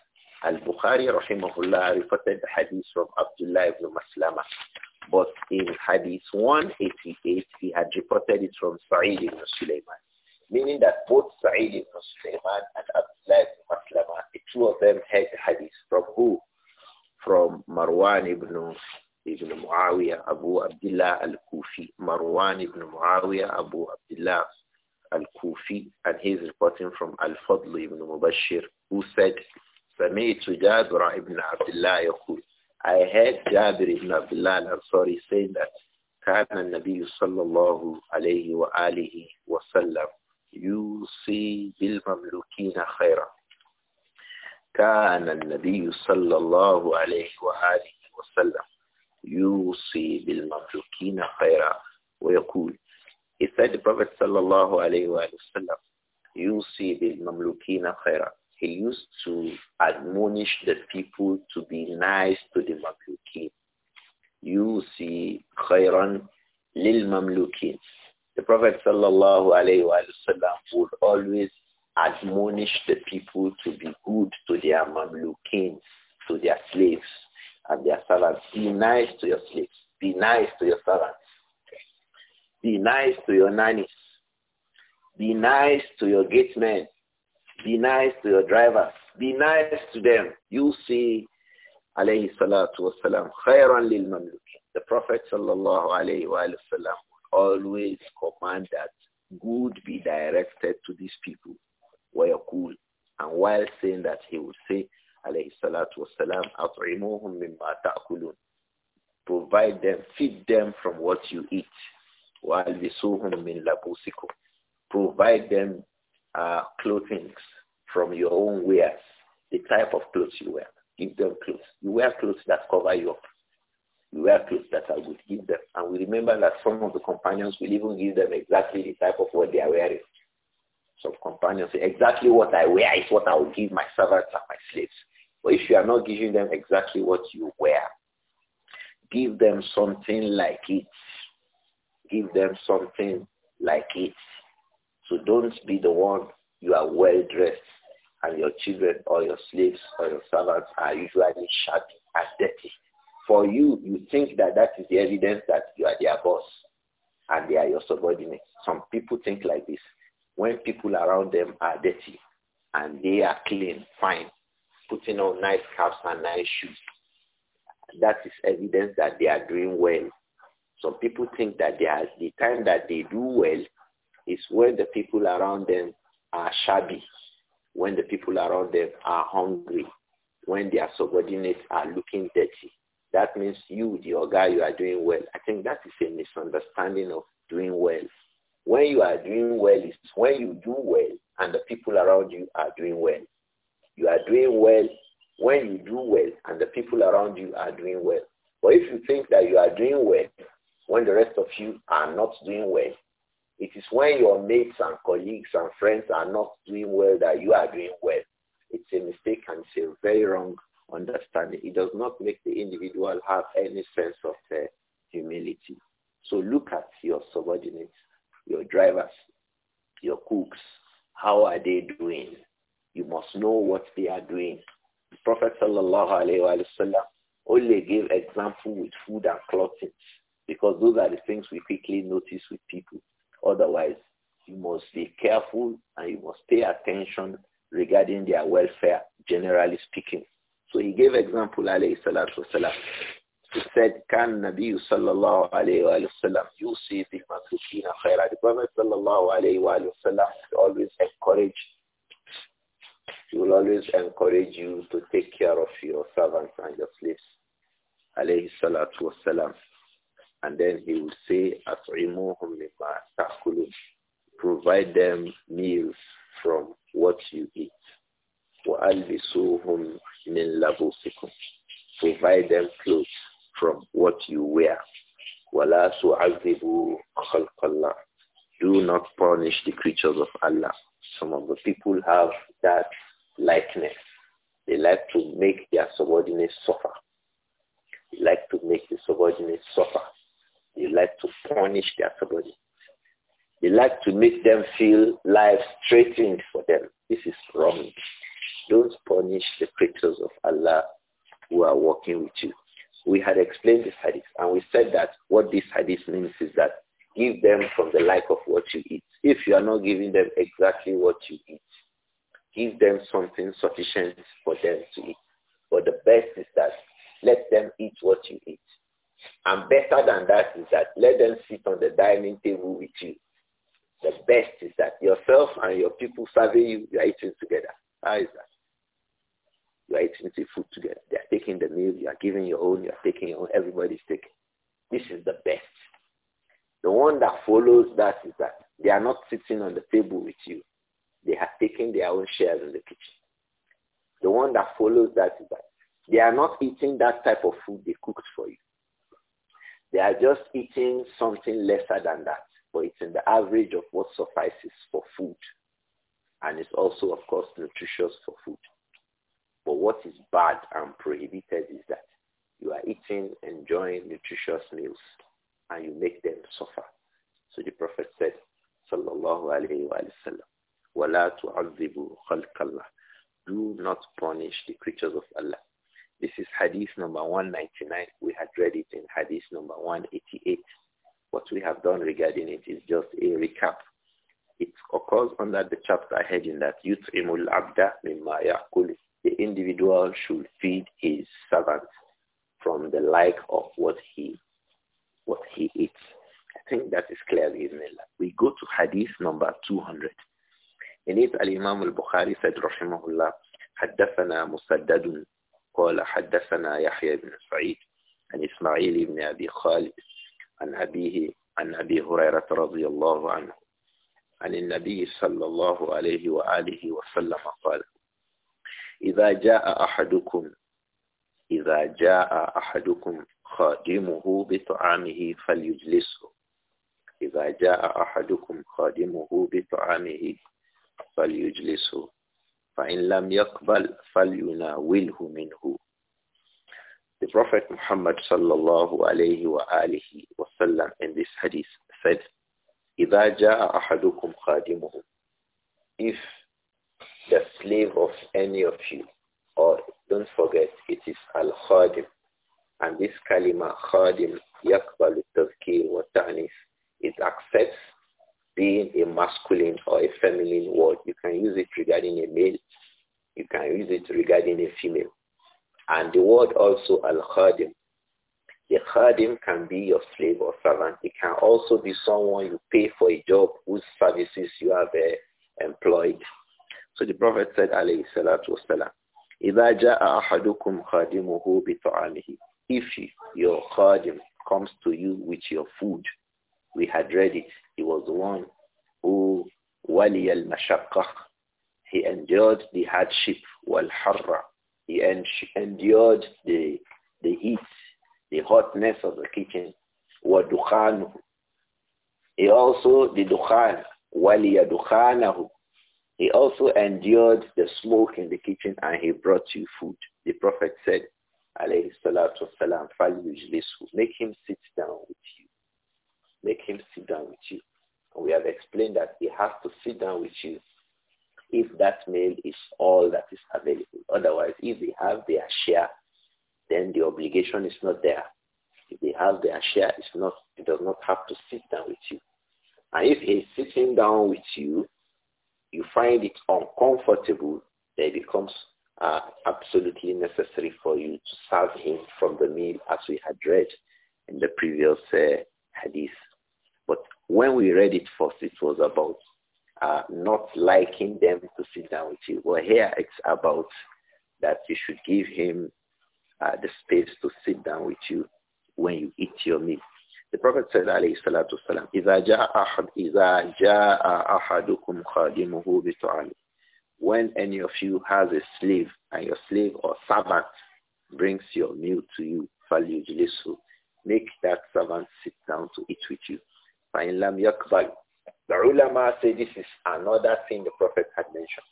Speaker 1: Al-Bukhari rahimahullah reported the hadith from Abdullah ibn Maslama. But in hadith 188, he had reported it from Sa'id ibn Sulaiman. Meaning that both Sa'id ibn Sulaiman and Abdullah ibn Maslama, the two of them had hadith from who? From Marwan ibn ibn Muawiyah Abu Abdullah al-Kufi, Marwan ibn Muawiyah Abu Abdullah al-Kufi, and he is reporting from Al-Fadl ibn Mubashir, who said, سمعت جابر ibn Abdullah يقول I heard Jabir ibn Abdullah al-Ansari saying that كان النبي صلى الله عليه وآله وسلم يوصي بالمملوكين خيرا كان النبي صلى الله عليه وآله وسلم يوصي بالمملوكين خيرا ويقول He said the Prophet sallallahu alayhi wa sallam يوصي بالمملوكين خيرا He used to admonish the people to be nice to the mamlukin. يوصي خيرا للمملوكين The Prophet sallallahu alayhi wa sallam would always admonish the people to be good to their mamlukin, to their slaves and their servants. Be nice to your slaves. Be nice to your servants. Be nice to your nannies. Be nice to your gatemen. Be nice to your drivers. Be nice to them. You see, alayhi salatu wasalam, khayran lil The Prophet sallallahu alayhi wa sallam always command that good be directed to these people. cool, And while saying that, he would say, alayhi salatu wasalam, Provide them, feed them from what you eat. وَأَلْبِسُوهُمْ مِنْ لَبُوسِكُمْ Provide them uh, clothing from your own wares, the type of clothes you wear. Give them clothes. You wear clothes that cover you up. You wear clothes that I would give them. And we remember that some of the companions will even give them exactly the type of what they are wearing. Some companions say, exactly what I wear is what I will give my servants and my slaves. But if you are not giving them exactly what you wear, give them something like it. Give them something like it. So don't be the one you are well dressed and your children or your slaves or your servants are usually shabby and dirty. For you, you think that that is the evidence that you are their boss and they are your subordinates. Some people think like this. When people around them are dirty and they are clean, fine, putting on nice caps and nice shoes. That is evidence that they are doing well. Some people think that they are, the time that they do well is when the people around them are shabby, when the people around them are hungry, when their subordinates are looking dirty. That means you, the guy, you are doing well. I think that is a misunderstanding of doing well. When you are doing well is when you do well and the people around you are doing well. You are doing well when you do well and the people around you are doing well. But if you think that you are doing well when the rest of you are not doing well, it is when your mates and colleagues and friends are not doing well that you are doing well. It's a mistake and it's a very wrong understanding. It does not make the individual have any sense of uh, humility. So look at your subordinates, your drivers, your cooks. How are they doing? You must know what they are doing. The Prophet sallallahu alayhi wa only gave example with food and clothing because those are the things we quickly notice with people. Otherwise, you must be careful and you must pay attention regarding their welfare, generally speaking. So he gave example, alayhi salatu wasalam. He said, Can Nabi sallallahu alayhi wa sallam, you see the matukina khaira. The Prophet sallallahu alayhi wa sallam always encouraged he will always encourage you to take care of your servants and your slaves. Alayhi salatu wasalam. And then he will say, ta'kulun. Provide them meals from what you eat. وَأَلْبِسُوهُمْ Provide them clothes from what you wear. Do not punish the creatures of Allah. Some of the people have that likeness. They like to make their subordinates suffer. They like to make the subordinates suffer. They like to punish their subordinates. They like to make them feel life threatening for them. This is wrong. Don't punish the creatures of Allah who are working with you. We had explained this hadith and we said that what this hadith means is that give them from the like of what you eat. If you are not giving them exactly what you eat, give them something sufficient for them to eat. But the best is that let them eat what you eat. And better than that is that let them sit on the dining table with you. The best is that yourself and your people serving you, you are eating together. How is that? You are eating the food together. They are taking the meal, you are giving your own, you are taking your own, is taking. This is the best. The one that follows that is that they are not sitting on the table with you. They have taken their own shares in the kitchen. The one that follows that is that they are not eating that type of food they cooked for you. They are just eating something lesser than that, but it's in the average of what suffices for food. And it's also, of course, nutritious for food. But what is bad and prohibited is that you are eating, enjoying nutritious meals, and you make them suffer. So the Prophet said, Sallallahu Alaihi Wasallam, وَلَا تُعَذِّبُوا خَلْقَ اللَّهِ Do not punish the creatures of Allah. This is hadith number 199. We had read it in hadith number 188. What we have done regarding it is just a recap. It occurs under the chapter heading that Yut'imul Abda Mimma Ya'kul. The individual should feed his servant from the like of what he what he eats. I think that is clear, isn't it? We go to hadith number 200. In الإمام البخاري سيد رحمه الله حدثنا مسدد قال حدثنا يحيى بن سعيد عن إسماعيل بن أبي خالد عن أبيه عن أبي هريرة رضي الله عنه عن النبي صلى الله عليه وآله وسلم قال إذا جاء أحدكم إذا جاء أحدكم خادمه بطعامه فليجلسه إذا جاء أحدكم خادمه بطعامه فإن لم يقبل فليناوله منه The Prophet Muhammad sallallahu alayhi wa alihi wasallam in this hadith said, إِذَا جَاءَ أَحَدُكُمْ خَادِمُهُ If the slave of any of you, or don't forget, it is al-khadim, and this kalima khadim يقبل التذكير والتعنيف, it accepts being a masculine or a feminine word. You can use it regarding a male. You can use it regarding a female. And the word also al-khadim. The khadim can be your slave or servant. It can also be someone you pay for a job whose services you have uh, employed. So the Prophet said, alayhi salatu wasalam, إِذَا جَاءَ أَحَدُكُمْ خَادِمُهُ بِطَعَامِهِ If your khadim comes to you with your food, we had read it he was the one who wali al He endured the hardship wal harra. He endured the the heat, the hotness of the kitchen. Wa dukhanu. He also the dukhan wali dukhanahu. He also endured the smoke in the kitchen and he brought you food. The Prophet said, alayhi salatu wasalam, make him sit down with you. Make him sit down with you we have explained that he has to sit down with you if that meal is all that is available. Otherwise, if they have their share, then the obligation is not there. If they have their share, it's not, it does not have to sit down with you. And if he's sitting down with you, you find it uncomfortable, then it becomes uh, absolutely necessary for you to serve him from the meal as we had read in the previous uh, hadith. But when we read it first, it was about uh, not liking them to sit down with you. Well, here it's about that you should give him uh, the space to sit down with you when you eat your meal. The Prophet said, alayhi salatu wasalam, إِذَا جَاءَ أَحَدُكُمْ خَادِمُهُ بِتُعَالِ When any of you has a slave, and your slave or servant brings your meal to you, فَلْيُجْلِسُ Make that servant sit down to eat with you. The ulama say this is another thing the Prophet had mentioned.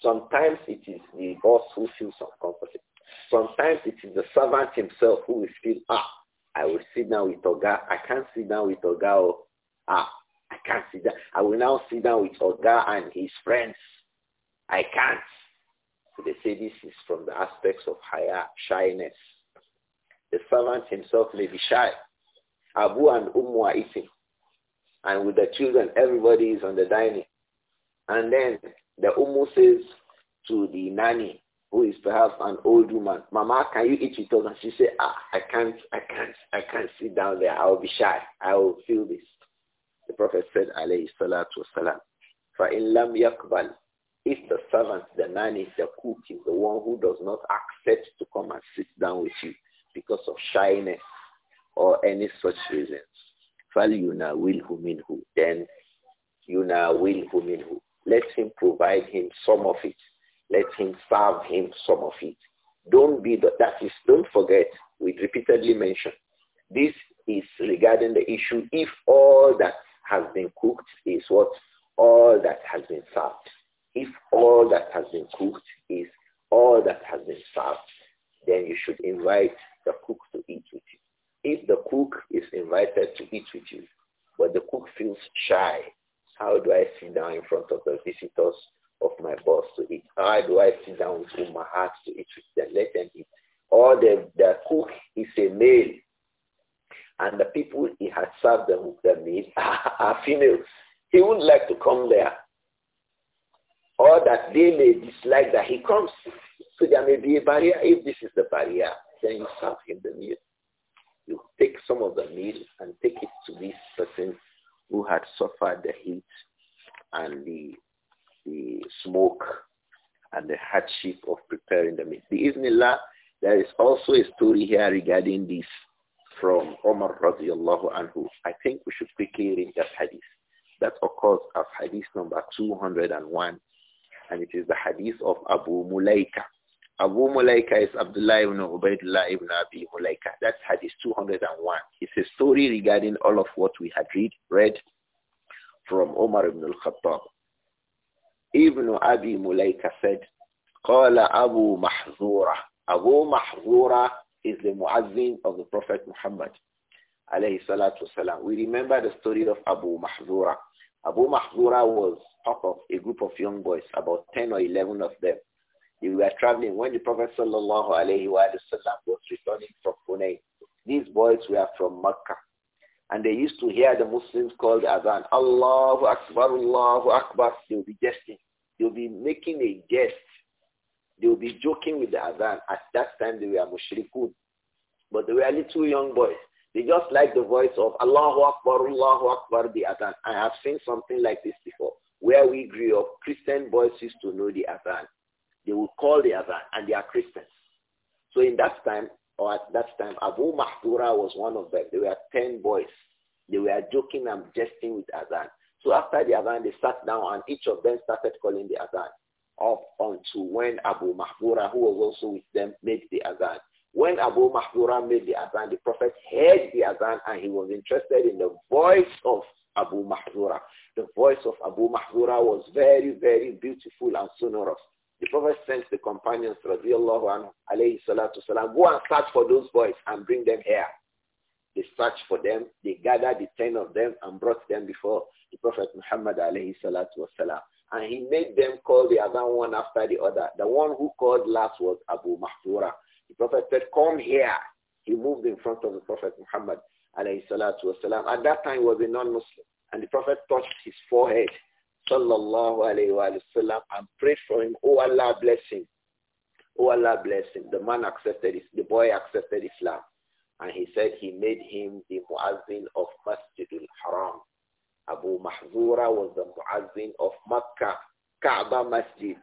Speaker 1: Sometimes it is the boss who feels uncomfortable. Sometimes it is the servant himself who will feel, ah, I will sit down with Oga. I can't sit down with Oga. Oh. Ah, I can't sit down. I will now sit down with Oga and his friends. I can't. So they say this is from the aspects of higher shyness. The servant himself may be shy. Abu and Umm are eating. And with the children, everybody is on the dining. And then the Umm says to the nanny, who is perhaps an old woman, Mama, can you eat with us? And she says, ah, I can't, I can't, I can't sit down there. I'll be shy. I will feel this. The Prophet said, alayhi salatu wasalam, فَإِنْ Lam Yakbal, If the servant, the nanny, the cook is the one who does not accept to come and sit down with you because of shyness, or any such reasons. will فَلْيُنَاوِلْهُ who. Then will يُنَاوِلْهُ who. Let him provide him some of it. Let him serve him some of it. Don't be, the, that is, don't forget, we repeatedly mentioned, this is regarding the issue if all that has been cooked is what? All that has been served. If all that has been cooked is all that has been served, then you should invite the cook to eat with you. If the cook is invited to eat with you, but the cook feels shy, how do I sit down in front of the visitors of my boss to eat? How do I sit down with Umahat to eat with them? Let them eat. Or the, the cook is a male, and the people he has served them the meal are, are females. He wouldn't like to come there. Or that they may dislike that he comes. So there may be a barrier. If this is the barrier, then you serve him the meal you take some of the meal and take it to this person who had suffered the heat and the, the smoke and the hardship of preparing the meal. Bismillah, there is also a story here regarding this from Omar radiallahu anhu. I think we should quickly read that hadith. That occurs as hadith number 201 and it is the hadith of Abu Mulaika Abu Mulaika is Abdullah ibn Ubaidullah ibn Abi Mulaika. That's Hadith 201. It's a story regarding all of what we had read, read from Omar ibn al-Khattab. Ibn Abi Mulaika said, Qala Abu Mahzura. Abu Mahzura is the muazzin of the Prophet Muhammad. We remember the story of Abu Mahzura. Abu Mahzura was part of a group of young boys, about 10 or 11 of them. They were traveling when the Prophet sallallahu alaihi wasallam was returning from Hunayn. These boys were from Mecca. And they used to hear the Muslims call the Azan, Allahu Akbar, Allahu Akbar. They will be jesting. They will be making a jest. They will be joking with the Azan. At that time, they were mushrikun. But they were little young boys. They just like the voice of Allahu Akbar, Allahu Akbar, the Azan. I have seen something like this before. Where we grew up, Christian boys used to know the Azan. They will call the Adhan and they are Christians. So in that time, or at that time, Abu Mahdura was one of them. They were 10 boys. They were joking and jesting with Adhan. So after the Adhan, they sat down and each of them started calling the Adhan up onto when Abu Mahdura, who was also with them, made the Adhan. When Abu Mahdura made the Adhan, the Prophet heard the Adhan and he was interested in the voice of Abu Mahdura. The voice of Abu Mahdura was very, very beautiful and sonorous. The Prophet sent the companions, radiallahu anhu, alayhi salatu salam, go and search for those boys and bring them here. They searched for them, they gathered the ten of them and brought them before the Prophet Muhammad alayhi salatu wasalam. And he made them call the other one after the other. The one who called last was Abu Mahfura. The Prophet said, come here. He moved in front of the Prophet Muhammad alayhi salatu wasalam. At that time he was a non-Muslim. And the Prophet touched his forehead sallallahu alayhi wa sallam and prayed for him, oh Allah bless him. Oh Allah bless him. The man accepted The boy accepted Islam. And he said he made him the muazzin of Masjidul Haram. Abu Mahzura was the muazzin of Makkah, Kaaba Masjid.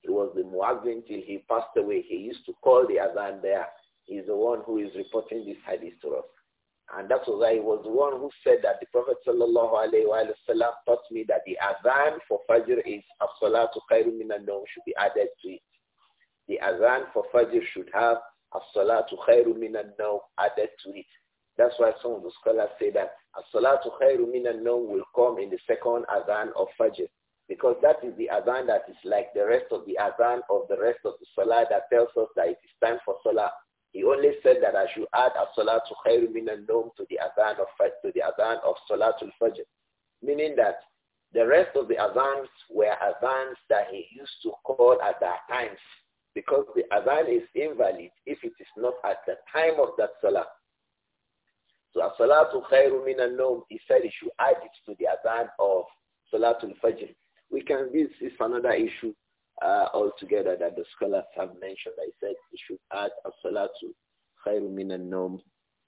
Speaker 1: He was the muazzin till he passed away. He used to call the adhan there. He's the one who is reporting this hadith to us. And that was why he was the one who said that the Prophet sallallahu alayhi wa sallam taught me that the Azan for Fajr is as-salatu khairun minan should be added to it. The Azan for Fajr should have as-salatu khairun minan added to it. That's why some of the scholars say that as-salatu khairun minan will come in the second Azan of Fajr because that is the Azan that is like the rest of the Azan of the rest of the salah that tells us that it is time for salah. He only said that I should add as-salatu khairu minan nom to the azan of to the azan of salatul fajr, meaning that the rest of the azans were azans that he used to call at that times because the azan is invalid if it is not at the time of that salah. So as-salatu khairu minan nom, he said he should add it to the azan of salatul fajr. We can this is another issue uh, altogether that the scholars have mentioned. I said we should add a salatu min al nom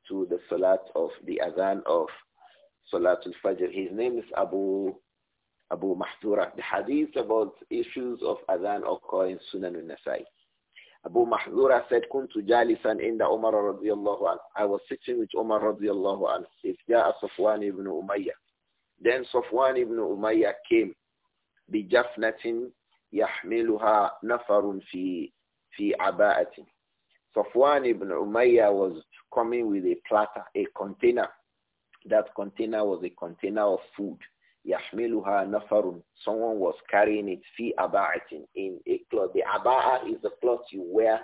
Speaker 1: to the salat of the adhan of salatul fajr. His name is Abu Abu Mahdura. The hadith about issues of adhan occur in Sunan al-Nasai. Abu Mahdura said, Kuntu jalisan inda Umar radiallahu anhu. I was sitting with Umar radiallahu anhu. If ja'a Safwan ibn Umayyah. Then Safwan ibn Umayyah came. Bijafnatin يحملها نفر في في عباءة. Safwan ibn Umayya was coming with a platter, a container. That container was a container of food. يحملها نفر. Someone was carrying it في عباءة in a cloth. The عباءة is the cloth you wear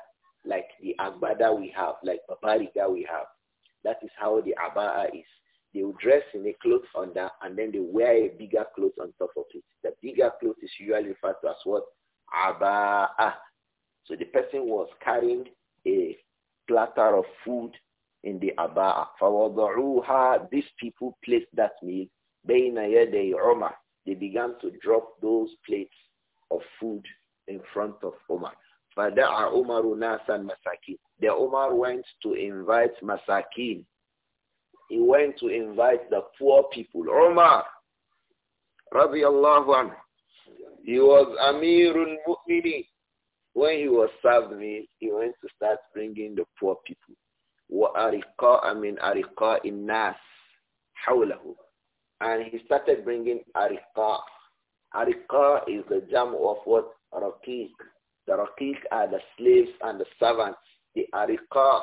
Speaker 1: like the agbada we have, like babariga we have. That is how the aba'a is. They will dress in a cloth under and then they wear a bigger cloth on top of it. The bigger cloth is usually referred to as what? Abba. So the person was carrying a platter of food in the the فَوَضَعُوهَا These people placed that meal. بَيْنَ يَدَيْ They began to drop those plates of food in front of there are عُمَرُ نَاسًا Masakin. The Omar went to invite Masakin, he went to invite the poor people. Umar, radiallahu anhu, he was Amirul Mu'mineen. When he was served me, he went to start bringing the poor people. وَأَرِقَاءَ مِنْ أَرِقَاءِ النَّاسِ حَوْلَهُ And he started bringing أَرِقَاء. Ariqa is the jam of what? Raqiq. The Raqiq are the slaves and the servants. The Ariqa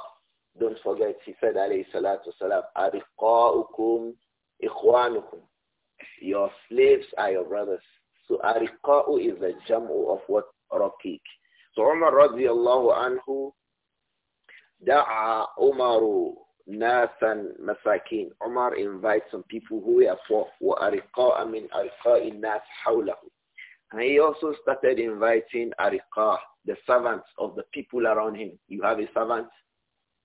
Speaker 1: don't forget, he said, alayhi salatu salam, ariqa'ukum ikhwanukum. Your slaves are your brothers. So ariqa'u is the jam'u of what? Raqiq. So Umar radiallahu anhu, da'a umaru nasan masakin. Umar invites some people who were poor. Wa ariqa'a min ariqa'i nas hawlahu. And he also started inviting Ariqah, the servants of the people around him. You have a servant,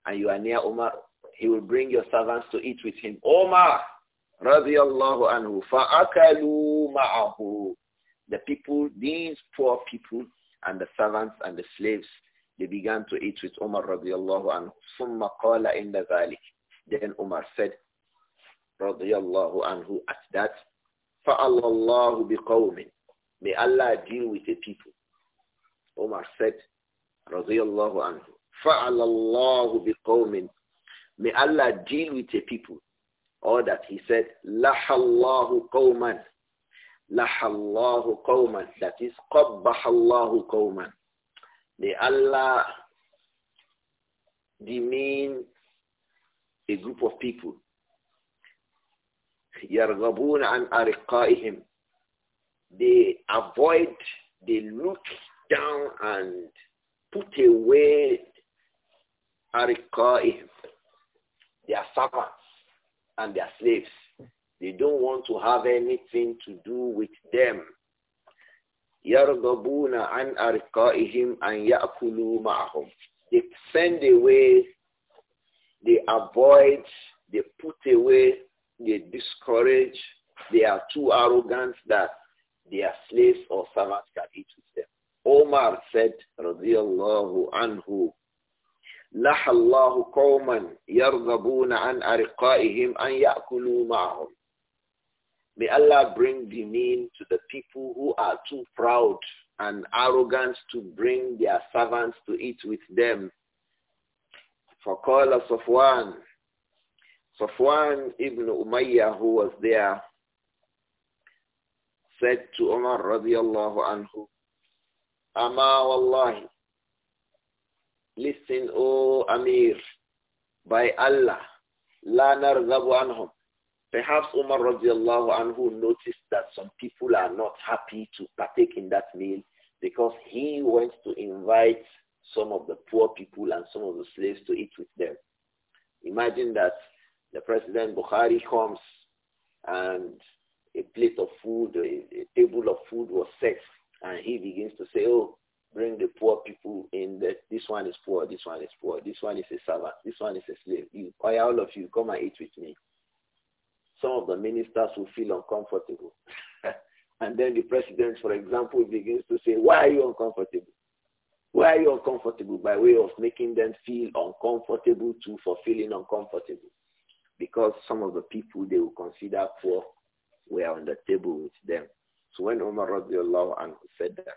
Speaker 1: and you are near Omar, he will bring your servants to eat with him. Omar, radiallahu anhu, fa'akalu ma'ahu. The people, these poor people, and the servants and the slaves, they began to eat with Omar radiallahu anhu. Summa qala Then Omar said, radiallahu anhu, at that, fa'allallahu biqawmin. May Allah deal with the people. Omar said, radiallahu anhu, فَعَلَ اللَّهُ بِقَوْمٍ May Allah deal with a people. Or that he said, لَحَ اللَّهُ قَوْمًا لَحَ اللَّهُ قَوْمًا That is, قَبَّحَ اللَّهُ قَوْمًا May Allah demean a group of people. يَرْغَبُونَ عَنْ أَرِقَائِهِمْ They avoid, they look down and put away ariqa'ihim, their servants and their slaves. They don't want to have anything to do with them. يَرْغَبُونَ عَنْ أَرْقَائِهِمْ and يَأْكُلُوا معهم. They send away, they avoid, they put away, they discourage, they are too arrogant that their slaves or servants can eat with them. Omar said, رضي الله عنه, لَحَ اللَّهُ قَوْمًا يَرْغَبُونَ عَنْ أَرِقَائِهِمْ أَنْ يَأْكُلُوا مَعَهُمْ May Allah bring demean to the people who are too proud and arrogant to bring their servants to eat with them. فَقَالَ صَفْوَانَ Safwan ibn Umayyah, who was there, said to Umar الله عنه, أما والله Listen, O Amir, by Allah, la narzabu anhum. Perhaps Umar radiallahu anhu noticed that some people are not happy to partake in that meal because he went to invite some of the poor people and some of the slaves to eat with them. Imagine that the President Bukhari comes and a plate of food, a, a table of food was set and he begins to say, oh, Bring the poor people in that this one is poor, this one is poor, this one is a servant, this one is a slave. You, oh all of you, come and eat with me. Some of the ministers will feel uncomfortable. and then the president, for example, begins to say, why are you uncomfortable? Why are you uncomfortable? By way of making them feel uncomfortable too for feeling uncomfortable. Because some of the people they will consider poor were on the table with them. So when Umar radiallahu anhu said that,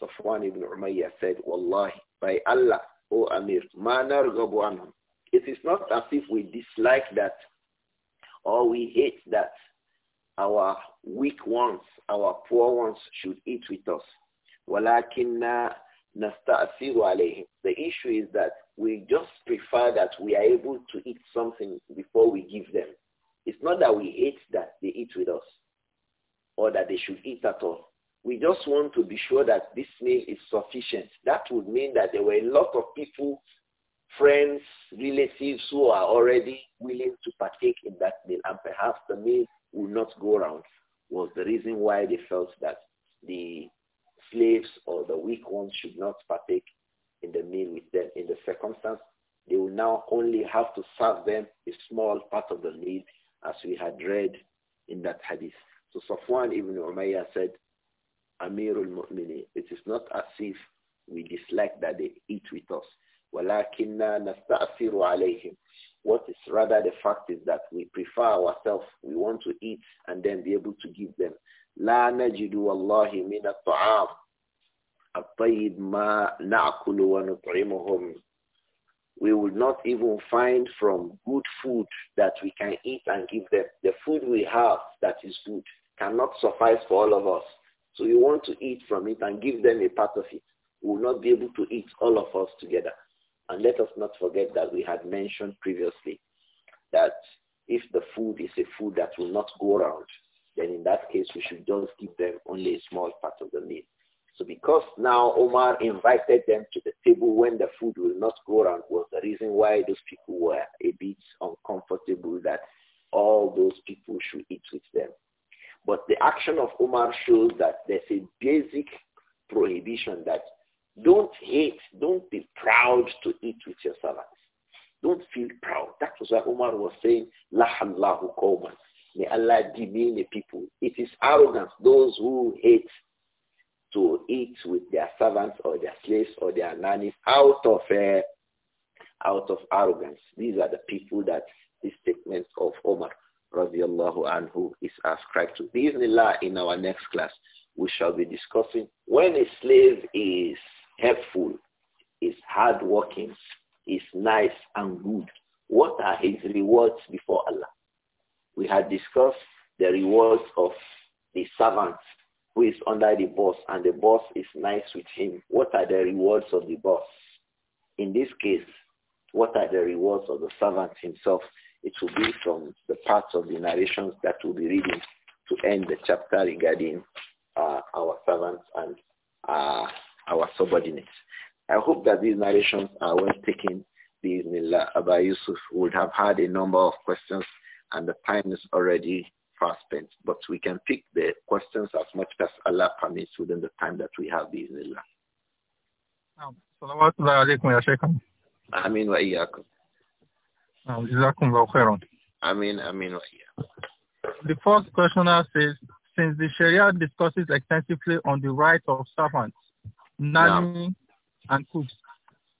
Speaker 1: Safwan ibn Umayyah said, Wallahi, by Allah, O Amir, manar anhum. It is not as if we dislike that or we hate that our weak ones, our poor ones should eat with us. The issue is that we just prefer that we are able to eat something before we give them. It's not that we hate that they eat with us or that they should eat at all. We just want to be sure that this meal is sufficient. That would mean that there were a lot of people, friends, relatives who are already willing to partake in that meal. And perhaps the meal will not go round was the reason why they felt that the slaves or the weak ones should not partake in the meal with them. In the circumstance, they will now only have to serve them a small part of the meal as we had read in that hadith. So Safwan ibn Umayyah said, Amirul Mu'mini. It is not as if we dislike that they eat with us. ولكننا نَسْتَأْثِرُ عَلَيْهِمْ What is rather the fact is that we prefer ourselves. We want to eat and then be able to give them. لَا نَجِدُ وَاللَّهِ مِنَ الطَّعَامِ الطَّيِّبِ مَا نَعْكُلُ وَنُطْعِمُهُمْ we will not even find from good food that we can eat and give them. The food we have that is good cannot suffice for all of us. So you want to eat from it and give them a part of it. We will not be able to eat all of us together. And let us not forget that we had mentioned previously that if the food is a food that will not go around, then in that case we should just give them only a small part of the meal. So because now Omar invited them to the table when the food will not go around was the reason why those people were a bit uncomfortable that all those people should eat with them. But the action of Omar shows that there's a basic prohibition that don't hate, don't be proud to eat with your servants. Don't feel proud. That was what Omar was saying, La Lahallahu Qawman. May Allah demean the people. It is arrogance, those who hate to eat with their servants or their slaves or their nannies out of uh, out of arrogance. These are the people that this statement of Omar radiallahu anhu is ascribed to. Bismillah, in our next class, we shall be discussing when a slave is helpful, is hardworking, is nice and good, what are his rewards before Allah? We had discussed the rewards of the servant who is under the boss and the boss is nice with him. What are the rewards of the boss? In this case, what are the rewards of the servant himself it will be from the parts of the narrations that we'll be reading to end the chapter regarding uh, our servants and uh, our subordinates. I hope that these narrations are well taken. Bismillah, Abba Yusuf would have had a number of questions and the time is already fast spent, but we can pick the questions as much as Allah permits within the time that we have, Bismillah.
Speaker 2: Salawatullah alaykum ya Shaykhan.
Speaker 1: Ameen wa iyaakum. I mean, I mean, yeah.
Speaker 2: The first questioner says, since the Sharia discusses extensively on the rights of servants,
Speaker 1: nanny,
Speaker 2: no. and cooks,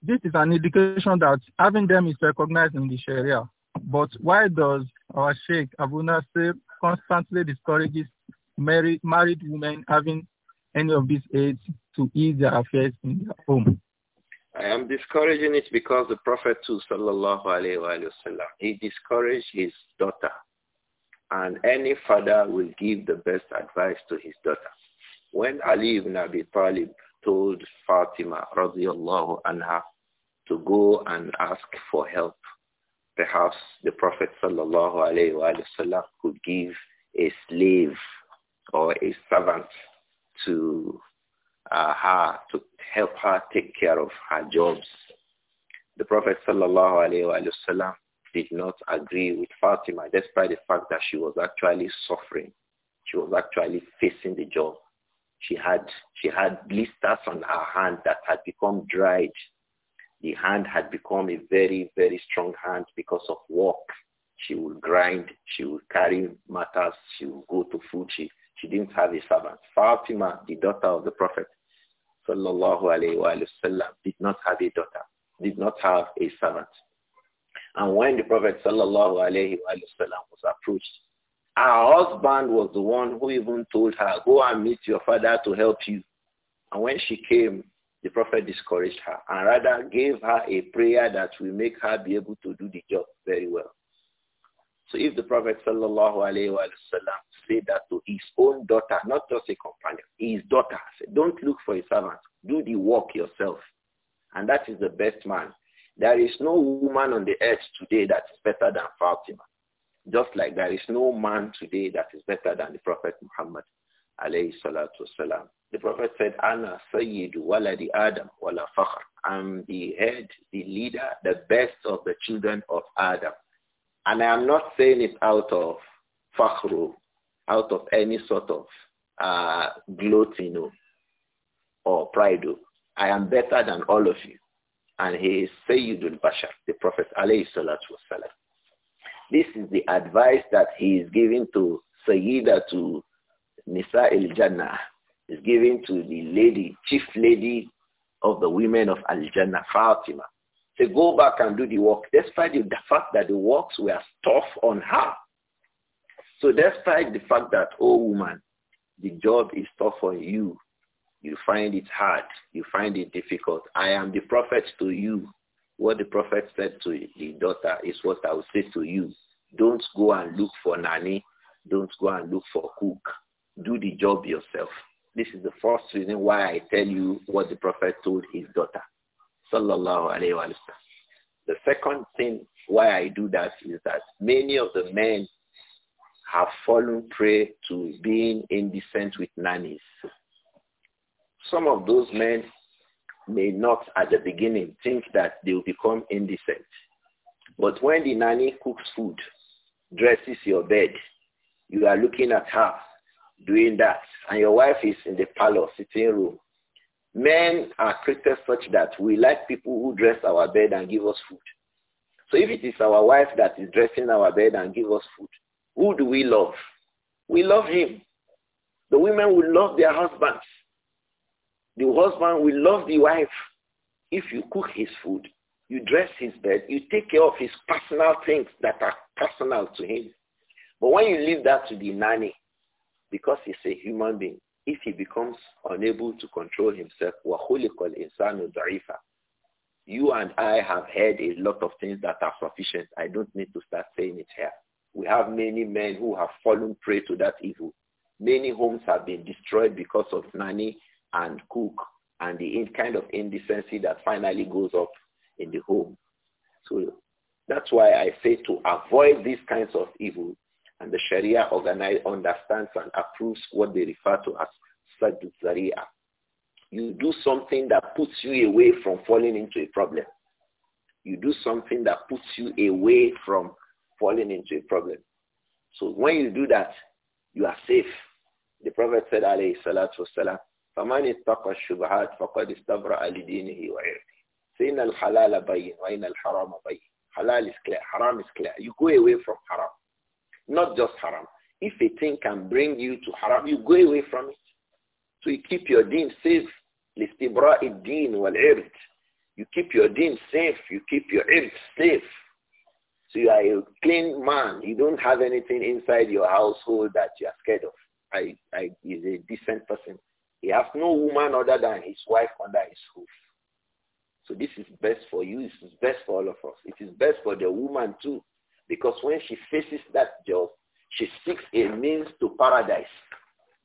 Speaker 2: this is an indication that having them is recognized in the Sharia. But why does our Sheikh Abu Nasir constantly discourages married, married women having any of these aids to ease their affairs in their home?
Speaker 1: I am discouraging it because the Prophet too, sallallahu alayhi wasallam, he discouraged his daughter. And any father will give the best advice to his daughter. When Ali ibn Abi Talib told Fatima radiallahu anha to go and ask for help, perhaps the Prophet sallallahu alayhi wasallam could give a slave or a servant to uh, her to help her take care of her jobs. The Prophet sallallahu did not agree with Fatima despite the fact that she was actually suffering. She was actually facing the job. She had, she had blisters on her hand that had become dried. The hand had become a very, very strong hand because of work. She would grind. She would carry matters. She would go to fuji. She, she didn't have a servant. Fatima, the daughter of the Prophet, sallallahu alayhi wa sallam did not have a daughter, did not have a servant. And when the Prophet sallallahu alayhi wa sallam was approached, her husband was the one who even told her, go and meet your father to help you. And when she came, the Prophet discouraged her and rather gave her a prayer that will make her be able to do the job very well. So if the Prophet sallallahu said that to his own daughter, not just a companion, his daughter, said, don't look for a servant, do the work yourself. And that is the best man. There is no woman on the earth today that is better than Fatima. Just like there is no man today that is better than the Prophet Muhammad alayhi salatu The Prophet said, Ana Sayyidu waladi Adam wala fakhr. I'm the head, the leader, the best of the children of Adam. And I am not saying it out of fakhru, out of any sort of uh, gloating or pride. I am better than all of you. And he is Sayyidul Bashar, the Prophet alayhi salatu This is the advice that he is giving to Sayyida to Nisa al-Jannah. Is giving to the lady, chief lady of the women of Al-Jannah, Fatima they go back and do the work, despite the fact that the works were tough on her. So despite the fact that, oh woman, the job is tough on you, you find it hard, you find it difficult. I am the prophet to you. What the prophet said to the daughter is what I will say to you. Don't go and look for nanny. Don't go and look for cook. Do the job yourself. This is the first reason why I tell you what the prophet told his daughter. Sallallahu alayhi wa The second thing why I do that is that many of the men have fallen prey to being indecent with nannies. Some of those men may not at the beginning think that they will become indecent. But when the nanny cooks food, dresses your bed, you are looking at her doing that, and your wife is in the parlor, sitting room, Men are created such that we like people who dress our bed and give us food. So if it is our wife that is dressing our bed and give us food, who do we love? We love him. The women will love their husbands. The husband will love the wife. If you cook his food, you dress his bed, you take care of his personal things that are personal to him. But when you leave that to the nanny, because he's a human being, if he becomes unable to control himself, You and I have heard a lot of things that are sufficient. I don't need to start saying it here. We have many men who have fallen prey to that evil. Many homes have been destroyed because of nanny and cook and the kind of indecency that finally goes up in the home. So that's why I say to avoid these kinds of evil, and the Sharia organize, understands and approves what they refer to as Sadu Sharia. You do something that puts you away from falling into a problem. You do something that puts you away from falling into a problem. So when you do that, you are safe. The Prophet said, alayhi salatu wasalam, فَمَنِ اتَّقَى الشُّبْهَاتِ فَقَدْ اسْتَبْرَأَ لِدِينِهِ وَعِرْضِهِ فَإِنَّ الْحَلَالَ بَيِّنْ وَإِنَّ الْحَرَامَ بَيِّنْ Halal is clear, haram is clear. You go away from haram not just haram. If a thing can bring you to haram, you go away from it. So you keep your deen safe. din الدِّينِ وَالْعِرْضِ You keep your deen safe. You keep your ird safe. So you are a clean man. You don't have anything inside your household that you are scared of. I, I, is a decent person. He has no woman other than his wife under his roof. So this is best for you. This is best for all of us. It is best for the woman too. Because when she faces that job, she seeks a means to paradise.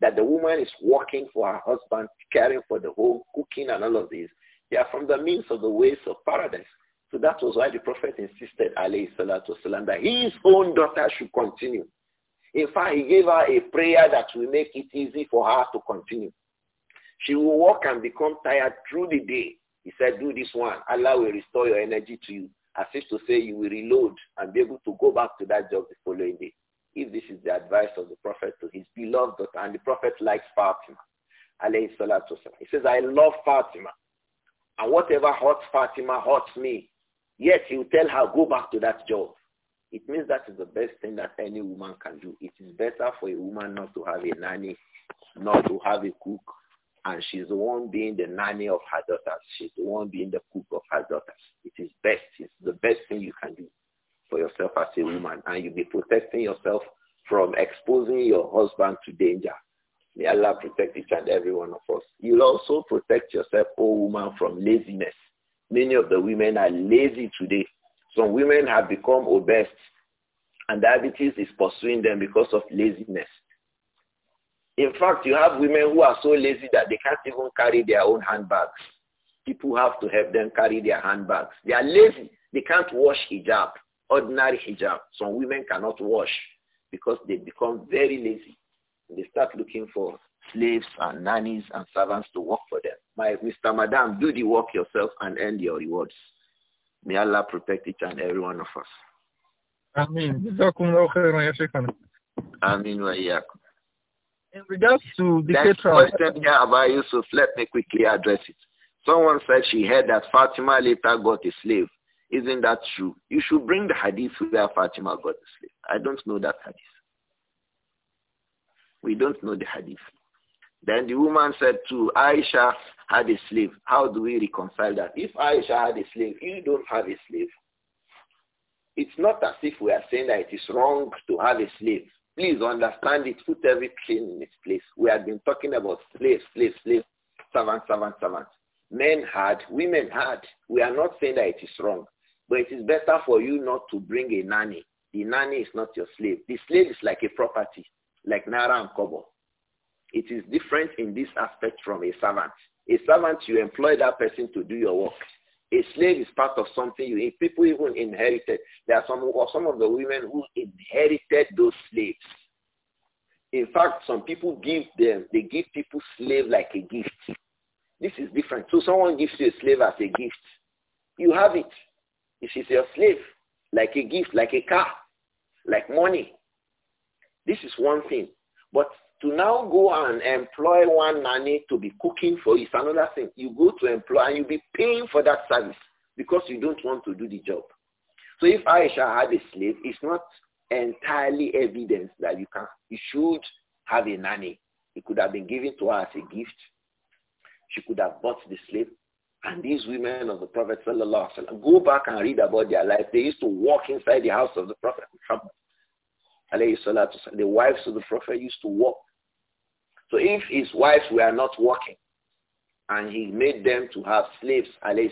Speaker 1: That the woman is working for her husband, caring for the home, cooking and all of these, They are from the means of the ways of paradise. So that was why the Prophet insisted, alayhi salatu wasalam, that his own daughter should continue. In fact, he gave her a prayer that will make it easy for her to continue. She will walk and become tired through the day. He said, do this one. Allah will restore your energy to you as if to say you will reload and be able to go back to that job the following day. If this is the advice of the Prophet to his beloved daughter, and the Prophet likes Fatima, alayhi salatu He says, I love Fatima. And whatever hurts Fatima hurts me. Yet he will tell her, go back to that job. It means that is the best thing that any woman can do. It is better for a woman not to have a nanny, not to have a cook, and she's the one being the nanny of her daughters. She's the one being the cook of her daughters. It is best. It's the best thing you can do for yourself as a woman. And you'll be protecting yourself from exposing your husband to danger. May Allah protect each and every one of us. You'll also protect yourself, O oh woman, from laziness. Many of the women are lazy today. Some women have become obese and diabetes is pursuing them because of laziness. In fact, you have women who are so lazy that they can't even carry their own handbags. People have to help them carry their handbags. They are lazy. They can't wash hijab, ordinary hijab. Some women cannot wash because they become very lazy. They start looking for slaves and nannies and servants to work for them. My Mr. Madam, do the work yourself and earn your rewards. May Allah protect each and every one of us.
Speaker 2: Ameen.
Speaker 1: Amen wa
Speaker 2: in regards to the question
Speaker 1: here about Yusuf, let me quickly address it. Someone said she heard that Fatima later got a slave. Isn't that true? You should bring the hadith where Fatima got a slave. I don't know that hadith. We don't know the hadith. Then the woman said to Aisha had a slave. How do we reconcile that? If Aisha had a slave, you don't have a slave. It's not as if we are saying that it is wrong to have a slave. Please understand it. Put everything in its place. We have been talking about slaves, slaves, slaves, servants, servants, servants. Men had, women had. We are not saying that it is wrong. But it is better for you not to bring a nanny. The nanny is not your slave. The slave is like a property, like Nara and Kobo. It is different in this aspect from a servant. A servant, you employ that person to do your work. A slave is part of something you, people even inherited. There are some or some of the women who inherited those slaves. In fact, some people give them, they give people slave like a gift. This is different. So someone gives you a slave as a gift. You have it. It is your slave, like a gift, like a car, like money. This is one thing. But to now go and employ one nanny to be cooking for you is another thing. You go to employ and you be paying for that service because you don't want to do the job. So if Aisha had a slave, it's not entirely evidence that you can you should have a nanny. It could have been given to her as a gift. She could have bought the slave. And these women of the Prophet sallallahu alaihi wasallam, go back and read about their life. They used to walk inside the house of the Prophet The wives of the Prophet used to walk so if his wives were not working and he made them to have slaves, alayhi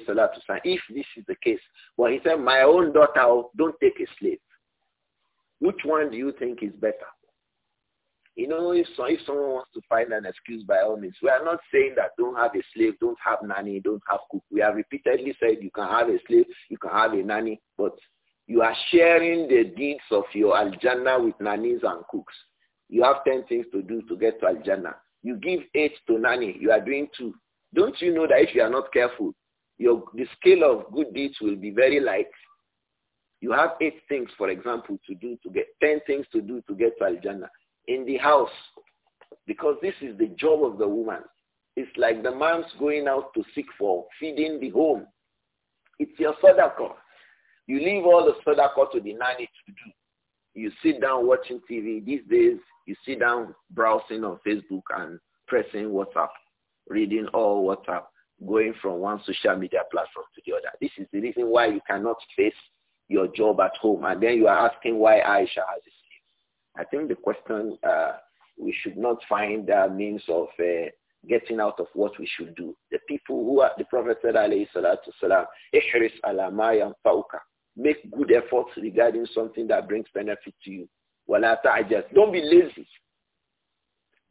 Speaker 1: if this is the case, but he said, my own daughter, oh, don't take a slave. Which one do you think is better? You know, if, so, if someone wants to find an excuse, by all means, we are not saying that don't have a slave, don't have nanny, don't have cook. We have repeatedly said you can have a slave, you can have a nanny, but you are sharing the deeds of your al with nannies and cooks. You have 10 things to do to get to al You give 8 to Nani. You are doing 2. Don't you know that if you are not careful, your, the scale of good deeds will be very light? You have 8 things, for example, to do to get 10 things to do to get to al In the house, because this is the job of the woman. It's like the man's going out to seek for feeding the home. It's your sadaqah. You leave all the sadaqah to the nanny to do. You sit down watching TV. These days, you sit down browsing on Facebook and pressing WhatsApp, reading all WhatsApp, going from one social media platform to the other. This is the reason why you cannot face your job at home. And then you are asking why Aisha has escaped. I think the question, uh, we should not find uh, means of uh, getting out of what we should do. The people who are, the Prophet said, alayhi salatu salam, ihris ala ma yanfa'uka Make good efforts regarding something that brings benefit to you. Don't be lazy.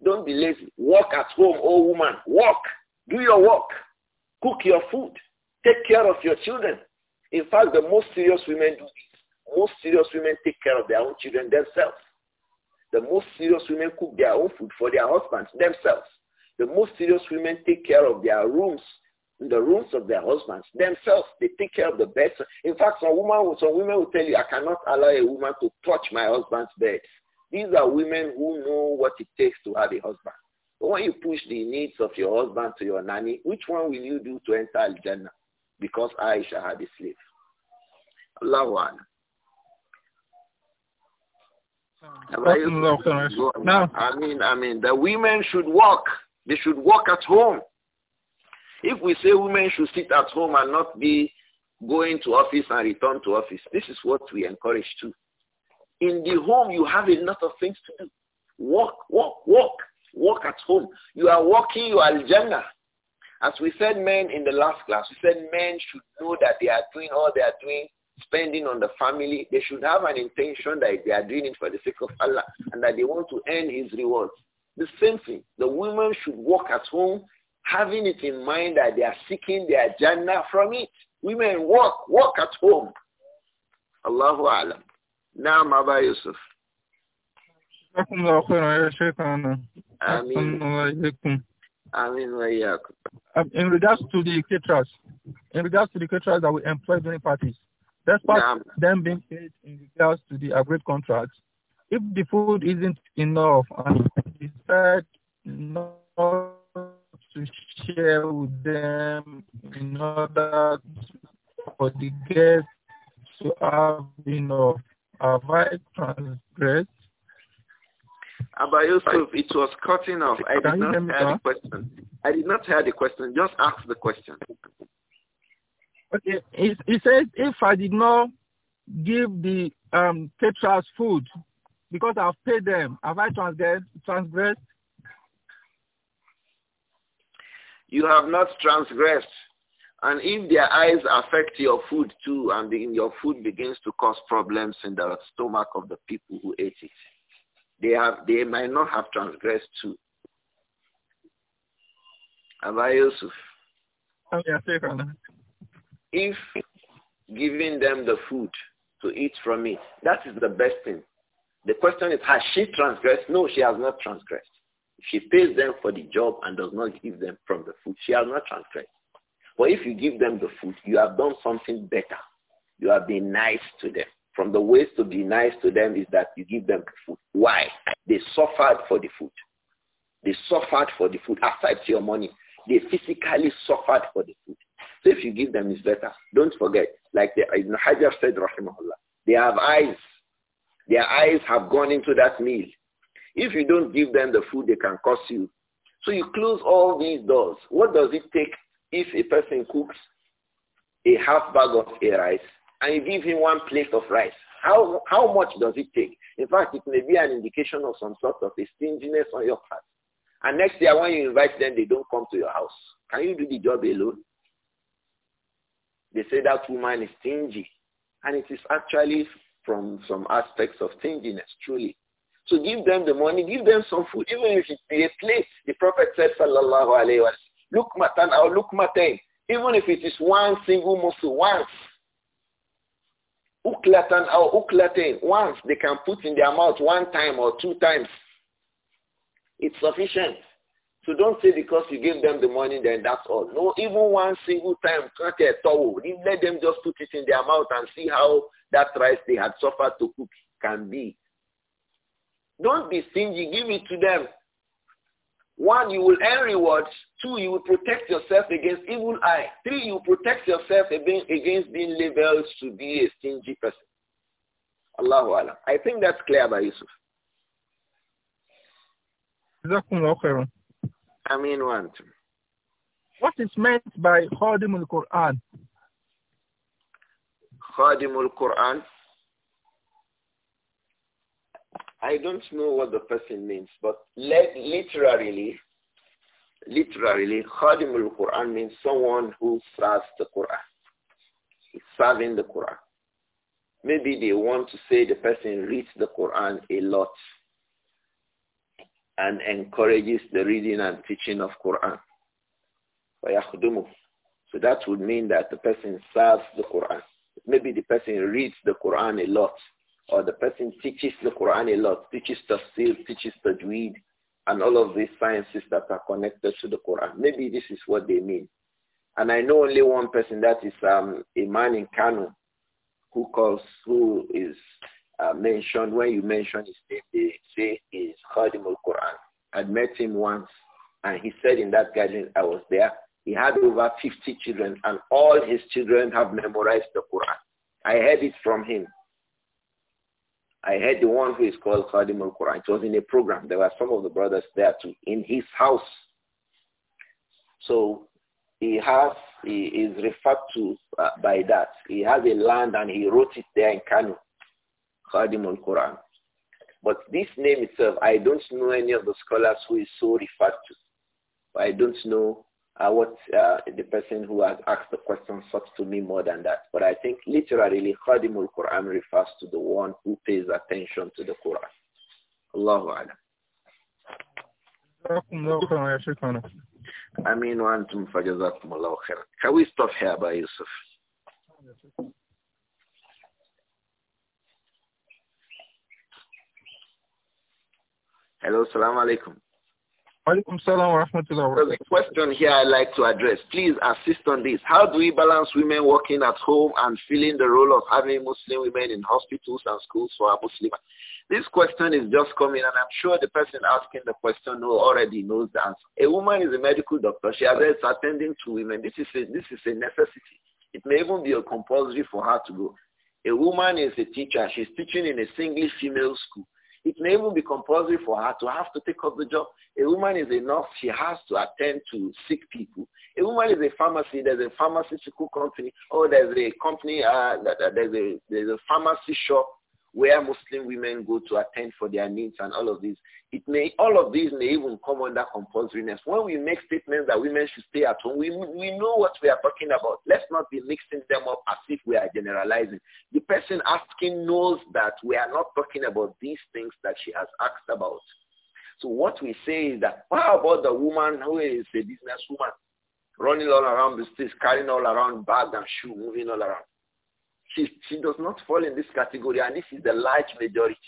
Speaker 1: Don't be lazy. Work at home, old oh woman. Work. Do your work. Cook your food. Take care of your children. In fact, the most serious women do this. Most serious women take care of their own children themselves. The most serious women cook their own food for their husbands themselves. The most serious women take care of their rooms in the rooms of their husbands. Themselves, they take care of the beds. In fact, some, woman, some women will tell you, I cannot allow a woman to touch my husband's bed. These are women who know what it takes to have a husband. But when you push the needs of your husband to your nanny, which one will you do to enter Al-Jannah? Because Aisha had a slave. Allahu one. No, I mean, I mean, the women should work. They should work at home. If we say women should sit at home and not be going to office and return to office, this is what we encourage too. In the home, you have a lot of things to do. Work, work, work, work at home. You are working, you are Jannah. As we said men in the last class, we said men should know that they are doing all they are doing, spending on the family. They should have an intention that they are doing it for the sake of Allah and that they want to earn his rewards. The same thing. The women should work at home having it in mind that they are seeking their Jannah from it. Women, work, work at home. Allahu Alam. Naam, Abba Yusuf.
Speaker 2: جزاكم um, in regards to the caterers, in regards to the caterers that we employ during parties, despite yeah. them being paid in regards to the agreed contracts, if the food isn't enough and it's not to share with them in order for the guests to have enough. Have I transgressed?
Speaker 1: Abba Yusuf, it was cutting off. I did not hear the question. I did not hear the question. Just ask the question.
Speaker 2: Okay. He, he says, if I did not give the um, food because I've paid them, have I transgressed? transgressed?
Speaker 1: You have not transgressed. And if their eyes affect your food too, and your food begins to cause problems in the stomach of the people who ate it, they, have, they might not have transgressed too. Abba Yusuf. Oh, yeah, if giving them the food to eat from it, that is the best thing. The question is, has she transgressed? No, she has not transgressed she pays them for the job and does not give them from the food, she has not transgressed. But if you give them the food, you have done something better. You have been nice to them. From the ways to be nice to them is that you give them the food. Why? They suffered for the food. They suffered for the food. Aside your money, they physically suffered for the food. So if you give them, it's better. Don't forget, like the, Ibn Hajar said, rahimahullah, they have eyes. Their eyes have gone into that meal. If you don't give them the food, they can curse you. So you close all these doors. What does it take if a person cooks a half bag of a rice and you give him one plate of rice? How, how much does it take? In fact, it may be an indication of some sort of a stinginess on your part. And next year when you invite them, they don't come to your house. Can you do the job alone? They say that woman is stingy. And it is actually from some aspects of stinginess, truly. So give them the money, give them some food, even if it's a plate. The Prophet said, sallallahu alaihi wasallam, look matan look matin. even if it is one single morsel, once. Uklatan or uklatain, once they can put in their mouth one time or two times. It's sufficient. So don't say because you gave them the money, then that's all. No, even one single time, cut a towel. Let them just put it in their mouth and see how that rice they had suffered to cook can be. Don't be stingy. Give it to them. One, you will earn rewards. Two, you will protect yourself against evil eye. Three, you will protect yourself against being labeled to be a stingy person. Allahu Allah. I think that's clear by Yusuf. I mean one. Two.
Speaker 2: What is meant by Khadimul Quran?
Speaker 1: Khadimul Quran I don't know what the person means, but literally, literally, Khadim al-Quran means someone who serves the Quran. He's serving the Quran. Maybe they want to say the person reads the Quran a lot and encourages the reading and teaching of Quran. So that would mean that the person serves the Quran. Maybe the person reads the Quran a lot or the person teaches the Quran a lot, teaches tafsir, teaches tajweed, and all of these sciences that are connected to the Quran. Maybe this is what they mean. And I know only one person that is um, a man in Kano who calls, who is uh, mentioned, when you mention his name, they say he is Khadim al-Quran. I met him once and he said in that gathering I was there, he had over 50 children and all his children have memorized the Quran. I heard it from him. I heard the one who is called Khadim al-Quran. It was in a program. There were some of the brothers there too, in his house. So he has, he is referred to uh, by that. He has a land and he wrote it there in Kano, Khadim al-Quran. But this name itself, I don't know any of the scholars who is so referred to. I don't know uh, what uh, the person who has asked the question sought to me more than that. But I think literally Khadimul Quran refers to the one who pays attention to the Quran. Allahu Alam. Ameen wa antum fajazakumullahu khairan. Can we stop here by Yusuf? Hello, salam alaikum.
Speaker 2: There's a
Speaker 1: question here I'd like to address. Please assist on this. How do we balance women working at home and filling the role of having Muslim women in hospitals and schools for our Muslim? This question is just coming and I'm sure the person asking the question already knows the answer. A woman is a medical doctor. She is attending to women. This is, a, this is a necessity. It may even be a compulsory for her to go. A woman is a teacher. She's teaching in a single female school. It may even be compulsory for her to have to take up the job. A woman is enough. She has to attend to sick people. A woman is a pharmacy. There's a pharmaceutical company. or oh, there's a company, uh, there's, a, there's a pharmacy shop where Muslim women go to attend for their needs and all of these. It may, all of these may even come under compulsoriness. When we make statements that women should stay at home, we, we know what we are talking about. Let's not be mixing them up as if we are generalizing. The person asking knows that we are not talking about these things that she has asked about. So what we say is that, how about the woman who is a businesswoman, running all around the streets, carrying all around bags and shoes, moving all around? She, she does not fall in this category, and this is the large majority.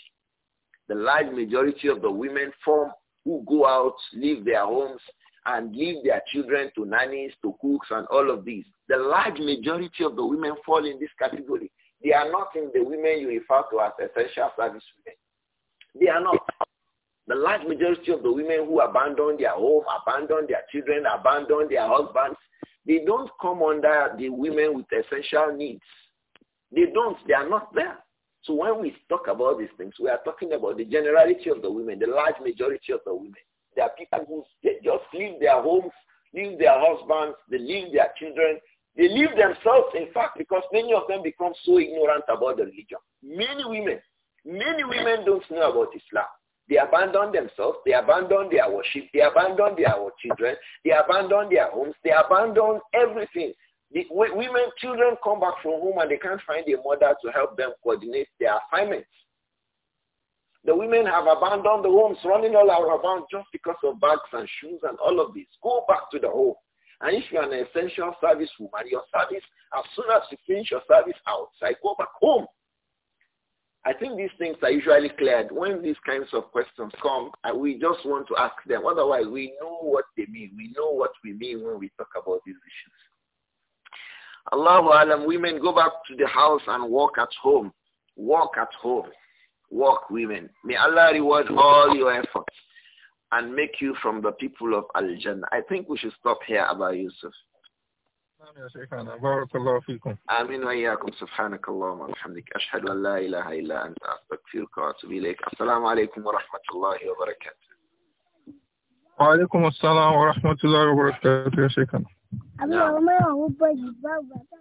Speaker 1: The large majority of the women form who go out, leave their homes, and leave their children to nannies, to cooks, and all of these. The large majority of the women fall in this category. They are not in the women you refer to as essential service women. They are not. The large majority of the women who abandon their home, abandon their children, abandon their husbands, they don't come under the women with essential needs. They don't. They are not there. So when we talk about these things, we are talking about the generality of the women, the large majority of the women. There are people who just leave their homes, leave their husbands, they leave their children. They leave themselves, in fact, because many of them become so ignorant about the religion. Many women, many women don't know about Islam. They abandon themselves. They abandon their worship. They abandon their children. They abandon their homes. They abandon everything. The women, children come back from home and they can't find a mother to help them coordinate their assignments. The women have abandoned the homes, running all around just because of bags and shoes and all of this. Go back to the home. And if you're an essential service woman, your service, as soon as you finish your service outside, go back home. I think these things are usually cleared. When these kinds of questions come, we just want to ask them. Otherwise, we know what they mean. We know what we mean when we talk about these issues. Allahu alam, women go back to the house and walk at home. Walk at home. Walk, women. May Allah reward all your efforts and make you from the people of Al-Jannah. I think we should stop here, Abba Yusuf. آمين وإياكم سبحانك اللهم وبحمدك أشهد أن لا إله إلا أنت أستغفرك وأتوب إليك السلام عليكم ورحمة الله وبركاته
Speaker 2: وعليكم السلام ورحمة الله وبركاته يا شيخنا àbí àwọn mẹ́wàá ń bọ̀ jù bá bàbá.